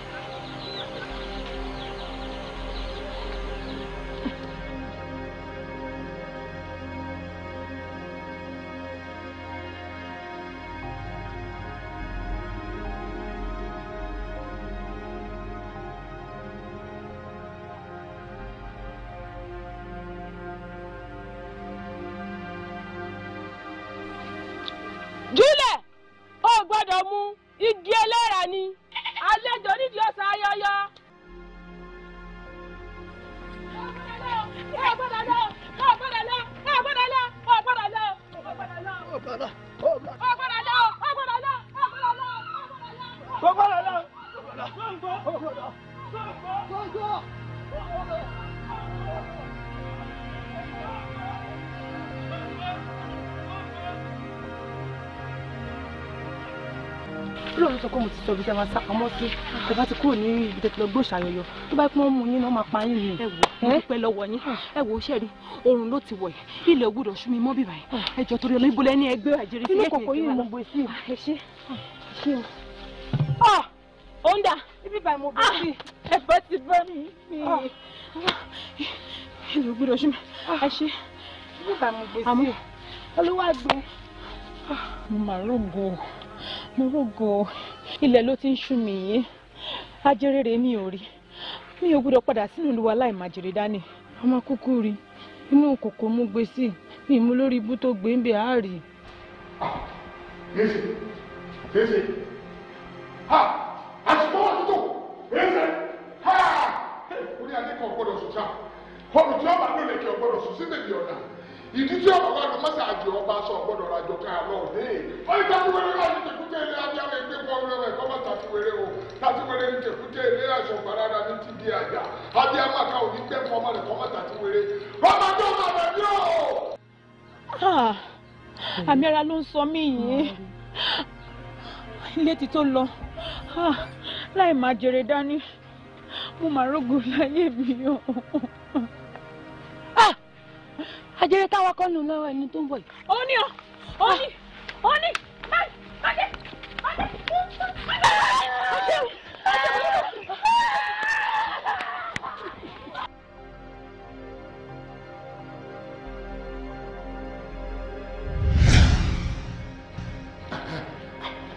sọ pé mo ti sọ ibi tí a máa sá pamọ́ sí ẹ bá ti kúrò ní ibi tí a ti lọ gbóòṣà yọyọ tó bá pọ́n mu yín náà máa pa yín ni. ẹ wò ó pẹ́ lọ́wọ́ yín ah. ẹ wò ó ṣẹ́rí oòrùn ló ti wọ̀ yìí ilẹ̀ ògbúdọ̀ ṣú mi mọ́ bíbá ah. yìí ẹ jọ torí ọlọ́ ibùdó ẹni ẹgbẹ́ àjẹrí sí ẹ̀kẹ́ ìgbẹ́ onda ibi báyìí mo bẹ sí ah. ẹ bá ti bá mi sí ìlú gbúdọ̀ ṣú mi ẹ ṣe ibi báyìí mo bẹ sí olúwa ilẹ̀ ló ti ń ṣú mi yìí ajérèrè mi ò rí mi ò gbúdọ̀ padà sínú ìlú wa láì má jèrè dání ọmọ kúkú rí inú kòkó mú gbé sí mi mú lórí ibú tó gbé ń bẹ àárí. yéèsì yéèsì ha àsìkò wà tuntun yéèsì ha orí adé kan gbọ́dọ̀ sùn sá ọrùn tí wọn bá lò kí ọ gbọ́dọ̀ sùn sí tèmi ọ̀dà ìdí tí ọ̀rọ̀ wà ló mọ́sá àjò ọba sọ gbọ́dọ̀ rajọ ká lọ òde. wọ́n ní tàbí wẹ́rẹ́ wà ní ilé ajáwé gbé pọ́nrẹ́ rẹ̀ kọ́mọ́ tàbí wẹ́rẹ́ o tàbí wẹ́rẹ́ ní tẹ̀kútẹ́ ilé àṣọ gbàrádà ní ti di àjà abiyamọ ká òní gbẹ fọmọ rẹ kọ́mọ́ tàbí wẹ́rẹ́. bàbá tó bá rẹ̀ bí o. àmì ara ló ń sọ mí yìí ilé ti tó lọ láì má jèrè dání mo mà rógùn láyé mi o ajẹrẹ táwa kọ́ nù lọ́wọ́ ẹni tó ń bọ̀ yìí. ó ní ọ ó ní ó ní ajẹ ajẹ ajẹ ajẹ.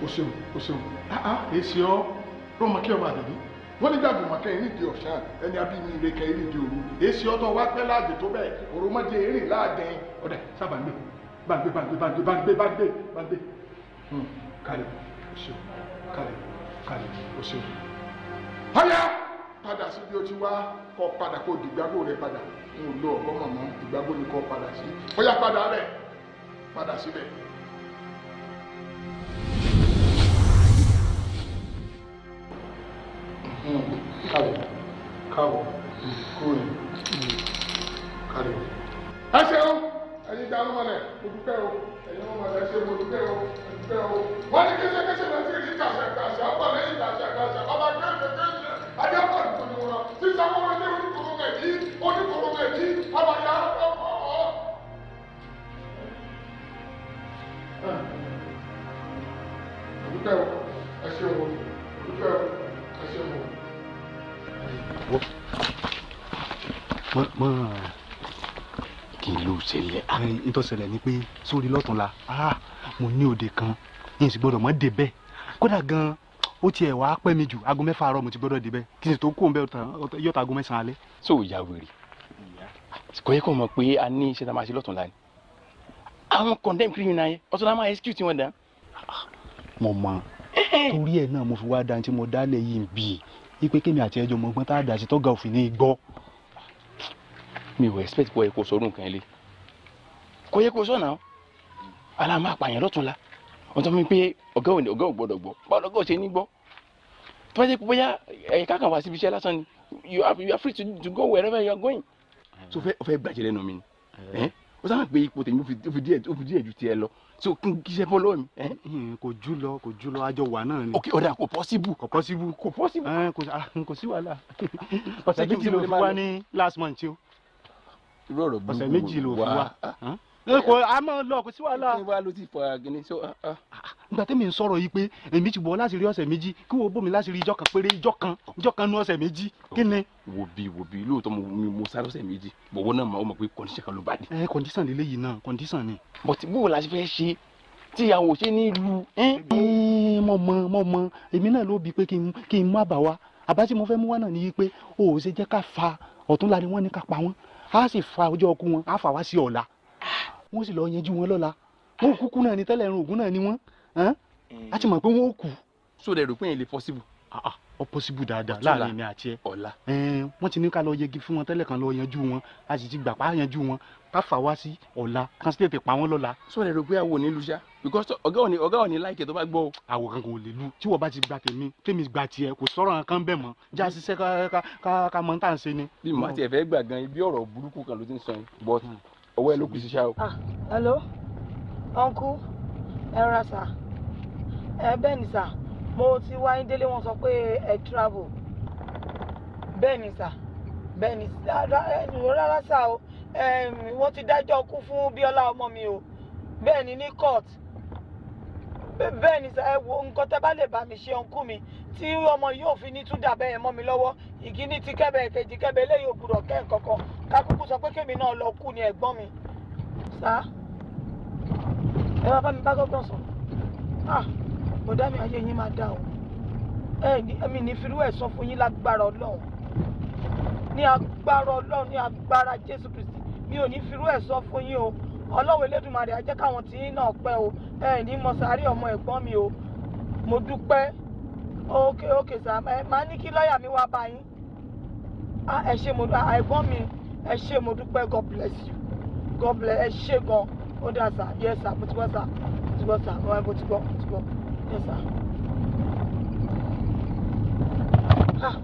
o ṣeun o ṣeun ah ah èsì ọ ló mọ àdàbí wọ́n nígbà gbòmọ̀kẹ́ eré ìdí ọ̀sán ẹni abí mi ìrẹ́kẹ́ eré ìdí òru èsì ọtọ wá pẹ́ láàdì tó bẹ́ẹ̀ òròmọdé eré láàdẹ ọ̀dà sábà ń gbé bàgbé bàgbé bàgbé bàgbé bàgbé bàgbé hmm, kálẹ̀ oṣù kálẹ̀ kálẹ̀ oṣù. ọ̀yà padà sí bí o ti wá kọ́ padà kó di rẹ padà n lo ọ̀gọ́ mọ̀mọ́ ìgbàgbọ́ ni kọ́ padà sí ọ̀yà padà rẹ̀ padà síbẹ̀. káwọ́ kúrò ní kárí o. ẹ ṣeun ẹ̀yin dàrú mọ́lẹ̀ mo dúpẹ́ o ẹ̀yin ọmọ rẹ̀ ṣe mo dúpẹ́ o mo dúpẹ́ o wọ́n ní kí n tó ṣẹlẹ̀ ni pé sórí la ah, mo ní òde kan yín sì gbọ́dọ̀ mọ́ dé bẹ́ẹ̀ kódà gan-an ó tiẹ̀ wá pẹ́ mi jù aago mẹ́fà àárọ̀ mo ti gbọ́dọ̀ dé bẹ́ẹ̀ kí n sì tó kó bẹ́ẹ̀ tán yọ̀tà aago mẹ́sàn-án alẹ́. so ìyá wèrè kò yẹ kó mọ̀ pé a ní iṣẹ́ tá a máa ṣe la ni àwọn condemn criminal yẹn ọ̀tún la máa excuse wọn dán. mo mọ torí ẹ náà mo fi wá dantí mo dálẹ̀ yìí ń bì í pé kémi àti ẹjọ́ mọ̀gbọ́n tá a dà sí tọ́gà òfin ní gbọ́. mi ò expect kó ẹ kó sọrú nǹkan ẹ lé kò yẹ kó sọ̀nà aláàmú àpàyàn lọ́tún la wọ́n tọ́ mi pé ọ̀gá òní ọ̀gá ògbọ́dọ̀ gbọ́ báwo lọ́gọ́ ṣe ní gbọ́ tó bá jẹ́ pé bóyá ẹ̀ka kan wá síbi iṣẹ́ lásán ni you are you are free to to go wherever you are going. so fẹ́ fẹ́ gbàjẹ́ lẹ́nu mi ni eh. ó sábà pé ipò tèmi ó fi díẹ̀ ó fi díẹ̀ ju tiẹ̀ lọ so kí n kíṣẹ́ bọ́ lọ́wọ́ mi. Hmm, kò jù lọ kò jù lọ àjọ wà náà ni. ok ọ̀dà kò pọ́síbù. kò pọ́síbù. kò pọ́síbù. Eh, ah, kò sí wàhálà ọ̀sẹ̀ méjì ló fi wá ní last month o ọ̀sẹ̀ méjì ló fi wá kò a máa lọ kò sí wàhálà. kí wàá ló ti fọ àgìní so. nígbà ah, ah. tẹ́mi ń sọ̀rọ̀ yìí pé èmi ti bọ̀ láti rí ọ̀sẹ̀ méjì kí wo bómi láti rí ìjọ kan péré ìjọ kan ìjọ kan nu ọ̀sẹ̀ méjì kí ni. wo bi wo bi lóòótọ́ mo mi mo sáré ọ̀sẹ̀ méjì bọ̀wọ́ náà máa ó mọ̀ pé kọ́ndíṣàn kan ló bá dé. ẹ kọ́ndíṣàn lélẹ́ yìí náà kọ́ndíṣàn ni. bọ̀tí bó o la ṣe fẹ́ ṣe tí àwọn òṣè ní ìlú. mọ mọ mọ mọ èmi náà ló bi pé kí n má bà wá àbá tí mo fẹ́ mú wá o ò ṣe jẹ́ ká fa ọ̀túnla a sì fa ọjọ́ ọkú wọn a fà wá sí ọ̀la ah, wọ́n sì lọ́ọ́ yanjú wọn lọ́la wọn ò kúkú náà ni tẹ́lẹ̀ ẹran ògún náà ni wọ́n á ti mọ̀ pé wọ́n ò kú. so rẹ̀ rò pé yẹn lè possible. ọ ah, ah, possible dáadáa láàrin mi àti ẹ ọ̀la. wọ́n ti ní ká lọ yẹgi fún wọn tẹ́lẹ̀ kan lọ yanjú wọn a sì ti gbà pa yanjú wọn ká fà wá sí ọ̀la kan sì tètè pa wọ́n lọ́la. so rẹ̀ rò pé àwọ̀ nílu ṣá because ọ̀gá òní ọ̀gá òní láìkẹ́ tó bá gbọ́. àwọ̀ kankan ò lè lu tí wọ́n bá ti gba tèmi tèmi gba tiẹ̀ kò sọ̀rọ̀ kan bẹ́ẹ̀ mọ́ já ṣiṣẹ́ ká ká ká mọ́ tá à ń ṣe ni. bí mo bá tiẹ̀ fẹ́ gbà gan ibi ọ̀rọ̀ burúkú kan ló ti ń sọ yẹn but hmm ọwọ́ ẹ ló kù síṣá o. Ah, hello uncle ẹ ra sà ẹ bẹ́ẹ̀ ni sà mo ti wá ní wọn sọ pé ẹ travel bẹ́ẹ̀ ni sà bẹ́ẹ̀ ni rárá sà o wọ́n ti dájọ́ kú fún bíọ́lá ọmọ mi o bẹ́ẹ̀ ni ní court bẹ́ẹ̀ ni ẹ wo nǹkan tẹ́ bá lè bá mi ṣe ọ̀nkú mi tí ọmọ yóò fi ní tún dàbẹ́ yẹn mọ́ mi lọ́wọ́ ìkíní ti kẹ́bẹ̀ èkejì kẹ́bẹ̀ eléyìí òkúrọ̀ kẹ́ kankan kákúkú sọ pé kémi náà lọ kú ni ẹ̀gbọ́n mi sá ẹ wá bá mi bá gbọ́gbọ́n sọ ah bọ̀dá mi ayé yín máa dá o ẹ mi ní firú ẹ̀ sọ fún yín lágbára ọlọ́run ní agbára ọlọ́run ní agbára Jésù Kristi mi ò ní firú ẹ̀ sọ fún yín o ọlọ́run elédùnmarè á jẹ́ káwọn tí yín náà pẹ́ o ẹ̀ ní mọ̀sárì ọmọ ẹ̀gbọ́n mi o mo dúpẹ́ ok ok sà ẹ máa ní kí lọ́ọ̀yà mi wá bá yín ẹ ṣe mo ẹ̀gbọ́n mi ẹ ṣe mo dúpẹ́ god bless you god bless ẹ ṣe gan ó dà sà yẹ sà mo ti gbọ́ sà mo ti gbọ́ sà mo ti gbọ́ mo ti gbọ́ yẹ sà. Ah,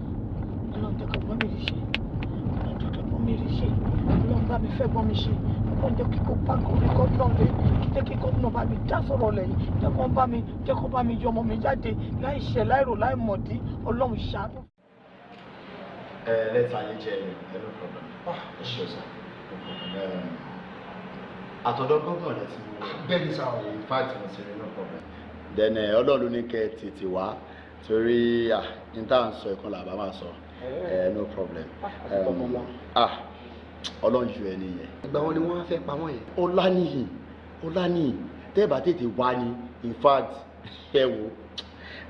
ọlọ́run tẹ̀kọ̀ gbọ́ mi rí ṣe ọlọ́run tẹ̀kọ̀ gbọ́ mi rí ṣe ọlọ́run bá mi fẹ́ gbọ́ mi ṣe kó jẹ́ kí kó pa kó rí kó náà lé jẹ́ kí kó náà bá mi dá sọ̀rọ̀ lẹ́yìn jẹ́ kó bá mi jẹ́ kó bá mi yọ ọmọ mi jáde láì ṣẹ̀ láì rò láì mọ̀dí ọlọ́run ṣàánú. ẹ lẹ́tà yìí jẹ́ ẹnu ah. problem ẹ ṣe ọ̀sán àtọ̀dọ̀ gbọ́ngàn rẹ̀ ti wọ ah, bẹ́ẹ̀ni sáwọn yìí fáàtì mo ti rí ẹnu problem. dẹ́nẹ̀ eh, ọlọ́run ní kẹ́ tètè wá torí ah n táà ń sọ ẹ̀kan làbá máa sọ ẹ̀ eh. eh, no problem. ah, ah ọlọ́run ju ẹni yẹn. ìgbà wo ni wọ́n fẹ́ pa wọ́n yẹn. ọlá nìyí ọlá nìyí tẹ́ tètè wá ni in fact ẹ wo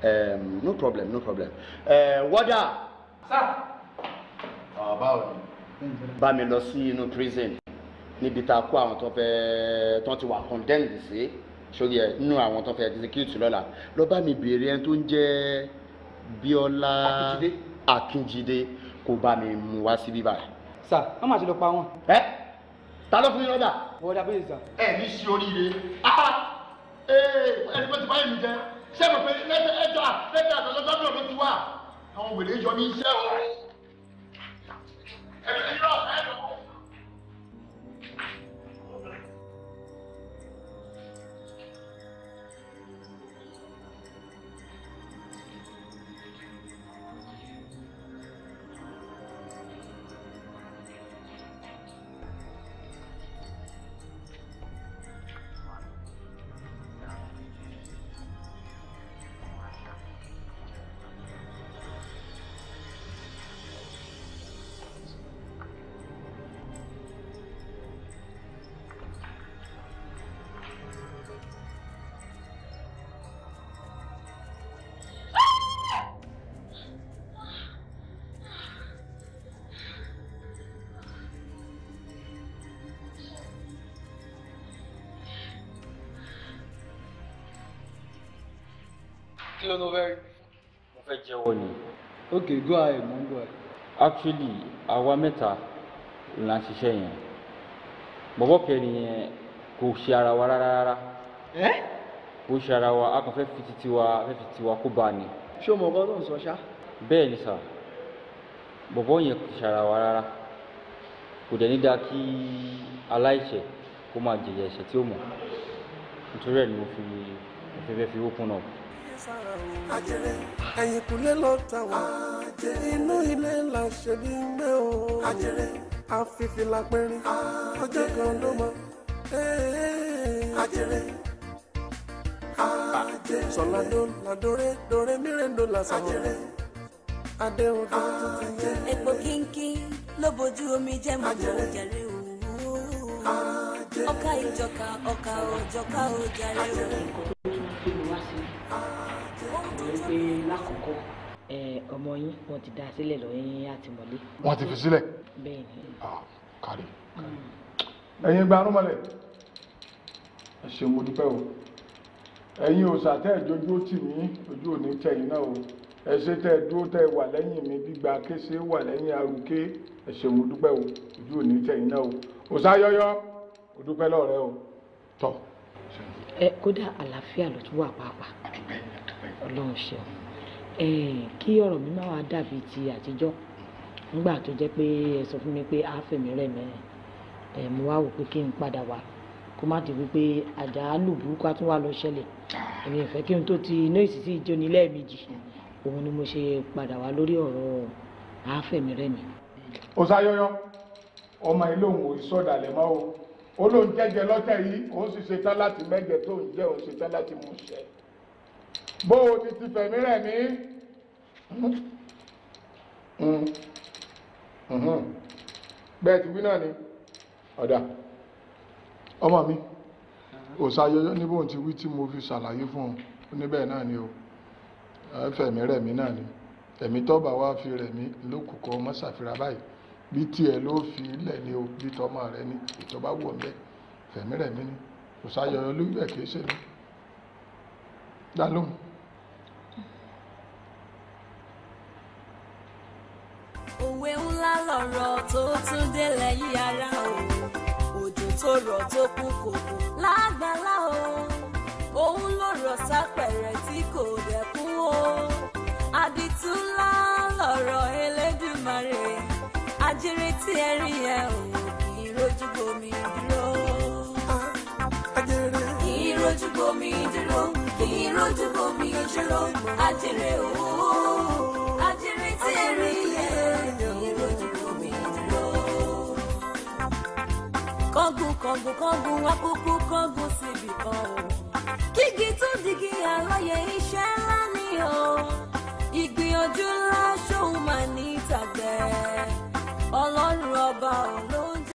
um, no problem no problem. Uh, wọ́dà. sir. báwo ni. bá mi lọ sí inú prison níbi tá a kó àwọn tó fẹ́ tó ti wà condemned sí sórí ẹ nínú àwọn tó fẹ́ execute lọ́la lọ bá mi béèrè ẹni tó ń jẹ́ Bíọ́lá Akínjídé kó bá mi mú wá síbí báyìí sà wọ́n máa ti lọ pa wọ́n. ẹ ta ló fún yín lọ́dà. bọ́dà bẹ́ẹ̀ sà. ẹ ní sí oríire ah, ah. ẹni pé ti báyìí mi jẹ ṣé mo pe lẹ́tẹ̀ ẹjọ́ lẹ́tẹ̀ àtọ̀tọ̀ lọ́dọ̀ ló ti wà àwọn wèrè yọ ní iṣẹ́ o. ẹ̀mí ti yọ ẹ̀ lọ́wọ́. kí ló ló fẹ́ rí. mo fẹ́ ni. ok go ahead mo ń bọ̀ ẹ́. actually àwa mẹ́ta la ń ṣiṣẹ́ yẹn bọ̀bọ̀ kẹrin yẹn kò ṣe ara wa rárá rárá. kò ṣe ara wa a kàn fẹ́ fi titi wa fẹ́ fi titi wa kó bá ni. ṣé o mọ̀ ọkọ tó ń sọ ṣá. bẹ́ẹ̀ ni sà bọ̀bọ̀ yẹn kò ṣe ara wa rárá kò dẹ̀ ní dáa kí aláìṣẹ̀ kó máa jẹ̀yẹ̀ ẹ̀ṣẹ̀ tí ó mọ̀ nítorí ẹ̀ ni mo fi mo fi fẹ́ fi ó kún náà ajere ẹ̀yìnkùlé ló ta wá ajere inú ilé la ṣe bí ń gbé o ajere afifi la pẹ́rín ọjọ́ kan ló mọ ajere ajere sọládó ládóré dóré mírèndó la sàwọn adéhùn tó tún ti yẹ. epo kínkín ló bojú omi jẹ́ mọ́ jàre o ọkà ìjọka ọkà òjọka òjàre o. ọmọ yín wọ́n ti dá sílẹ̀ lọ yín àtìmọ́lé. wọ́n ti fi sílẹ̀. bẹ́ẹ̀ni. Ah, kárí mm. ẹ̀yin gba arúmọlẹ̀ ẹ ṣé mo dúpẹ́ o ẹ̀yin òsàtẹ ìjọjú ó tì mí ojú òní tẹ̀yin náà o ẹ ṣé tẹ dúró tẹ wà lẹ́yìn mi gbígba kése wà lẹ́yìn aruké ẹ ṣé mo dúpẹ́ o ojú òní tẹ̀yin náà o òsàyọyọ o dúpẹ́ lọrẹ o tọ. ẹ kódà àlàáfíà ló tún wà pàápàá Ọlọ́run ṣeun kí ọ̀rọ̀ mi má wàá dàbí ti àtijọ́ nígbà tó jẹ́ pé ẹ sọ fún mi pé àáfẹ̀mí rẹ̀ mẹ́rin ẹ̀ mo wá wò pé kí n padà wá kó má ti wípé àjálù burúkú tún wà lọ ṣẹlẹ̀ èmi ìfẹ́ kí n tó ti iná ìsísí ìjóni lẹ́ẹ̀mejì òun ni mo ṣe padà wá lórí ọ̀rọ̀ àáfẹ̀mí rẹ̀ mi. ó sáyọyọ ọmọ ilé òun ò sọdàlẹ mọ o ó lóun jẹjẹ lọtẹ yìí òun sì ṣetán láti mẹjẹ tóun jẹ òun ṣetán láti mú bó o ti fẹ̀mí rẹ̀ mí bẹ́ẹ̀ ti wí náà ni ọ̀dà ọmọ mi òsàyọyọ ní bóun ti wí tí mo fi ṣàlàyé fún ọ níbẹ̀ náà ni o fẹ̀mí rẹ̀ mí náà ni ẹ̀mí tọ́ba wá fi rẹ̀ mí lókùkọ ọmọ báyìí bí tiẹ̀ ló fi lẹ̀ ni o bí tọmọ rẹ ni ìtọ́ba wọ̀ ń bẹ̀ fẹ̀mí rẹ̀ mí ni òsàyọyọ lórí ẹ̀ kìí ṣe ni dá lóhùn. òwe ńlá lọ̀rọ̀ tó tún délẹ̀ yí ara o òjò tó rọ̀ tó kú kò kù lágbàlá o òun ló rọ̀ sápẹ̀rẹ̀ tí kò dẹ̀kún o àdìtú ńlá lọ̀rọ̀ Elédùmarè ajere tí ẹ rí ẹ o kì í rojú bomi dúró. kì í rojú bomi dúró kì bomi dúró ajere o. kọ̀ǹgùkọ̀ǹgùn wá kúkú kọ̀ǹgùn síbi kan o. kígi tó digi àlọ́yẹ iṣẹ́ ńlá ni o. ìgbìyànjú ńlá ṣóun máa ní tàgbẹ́. ọlọ́run ọba ọlọ́run.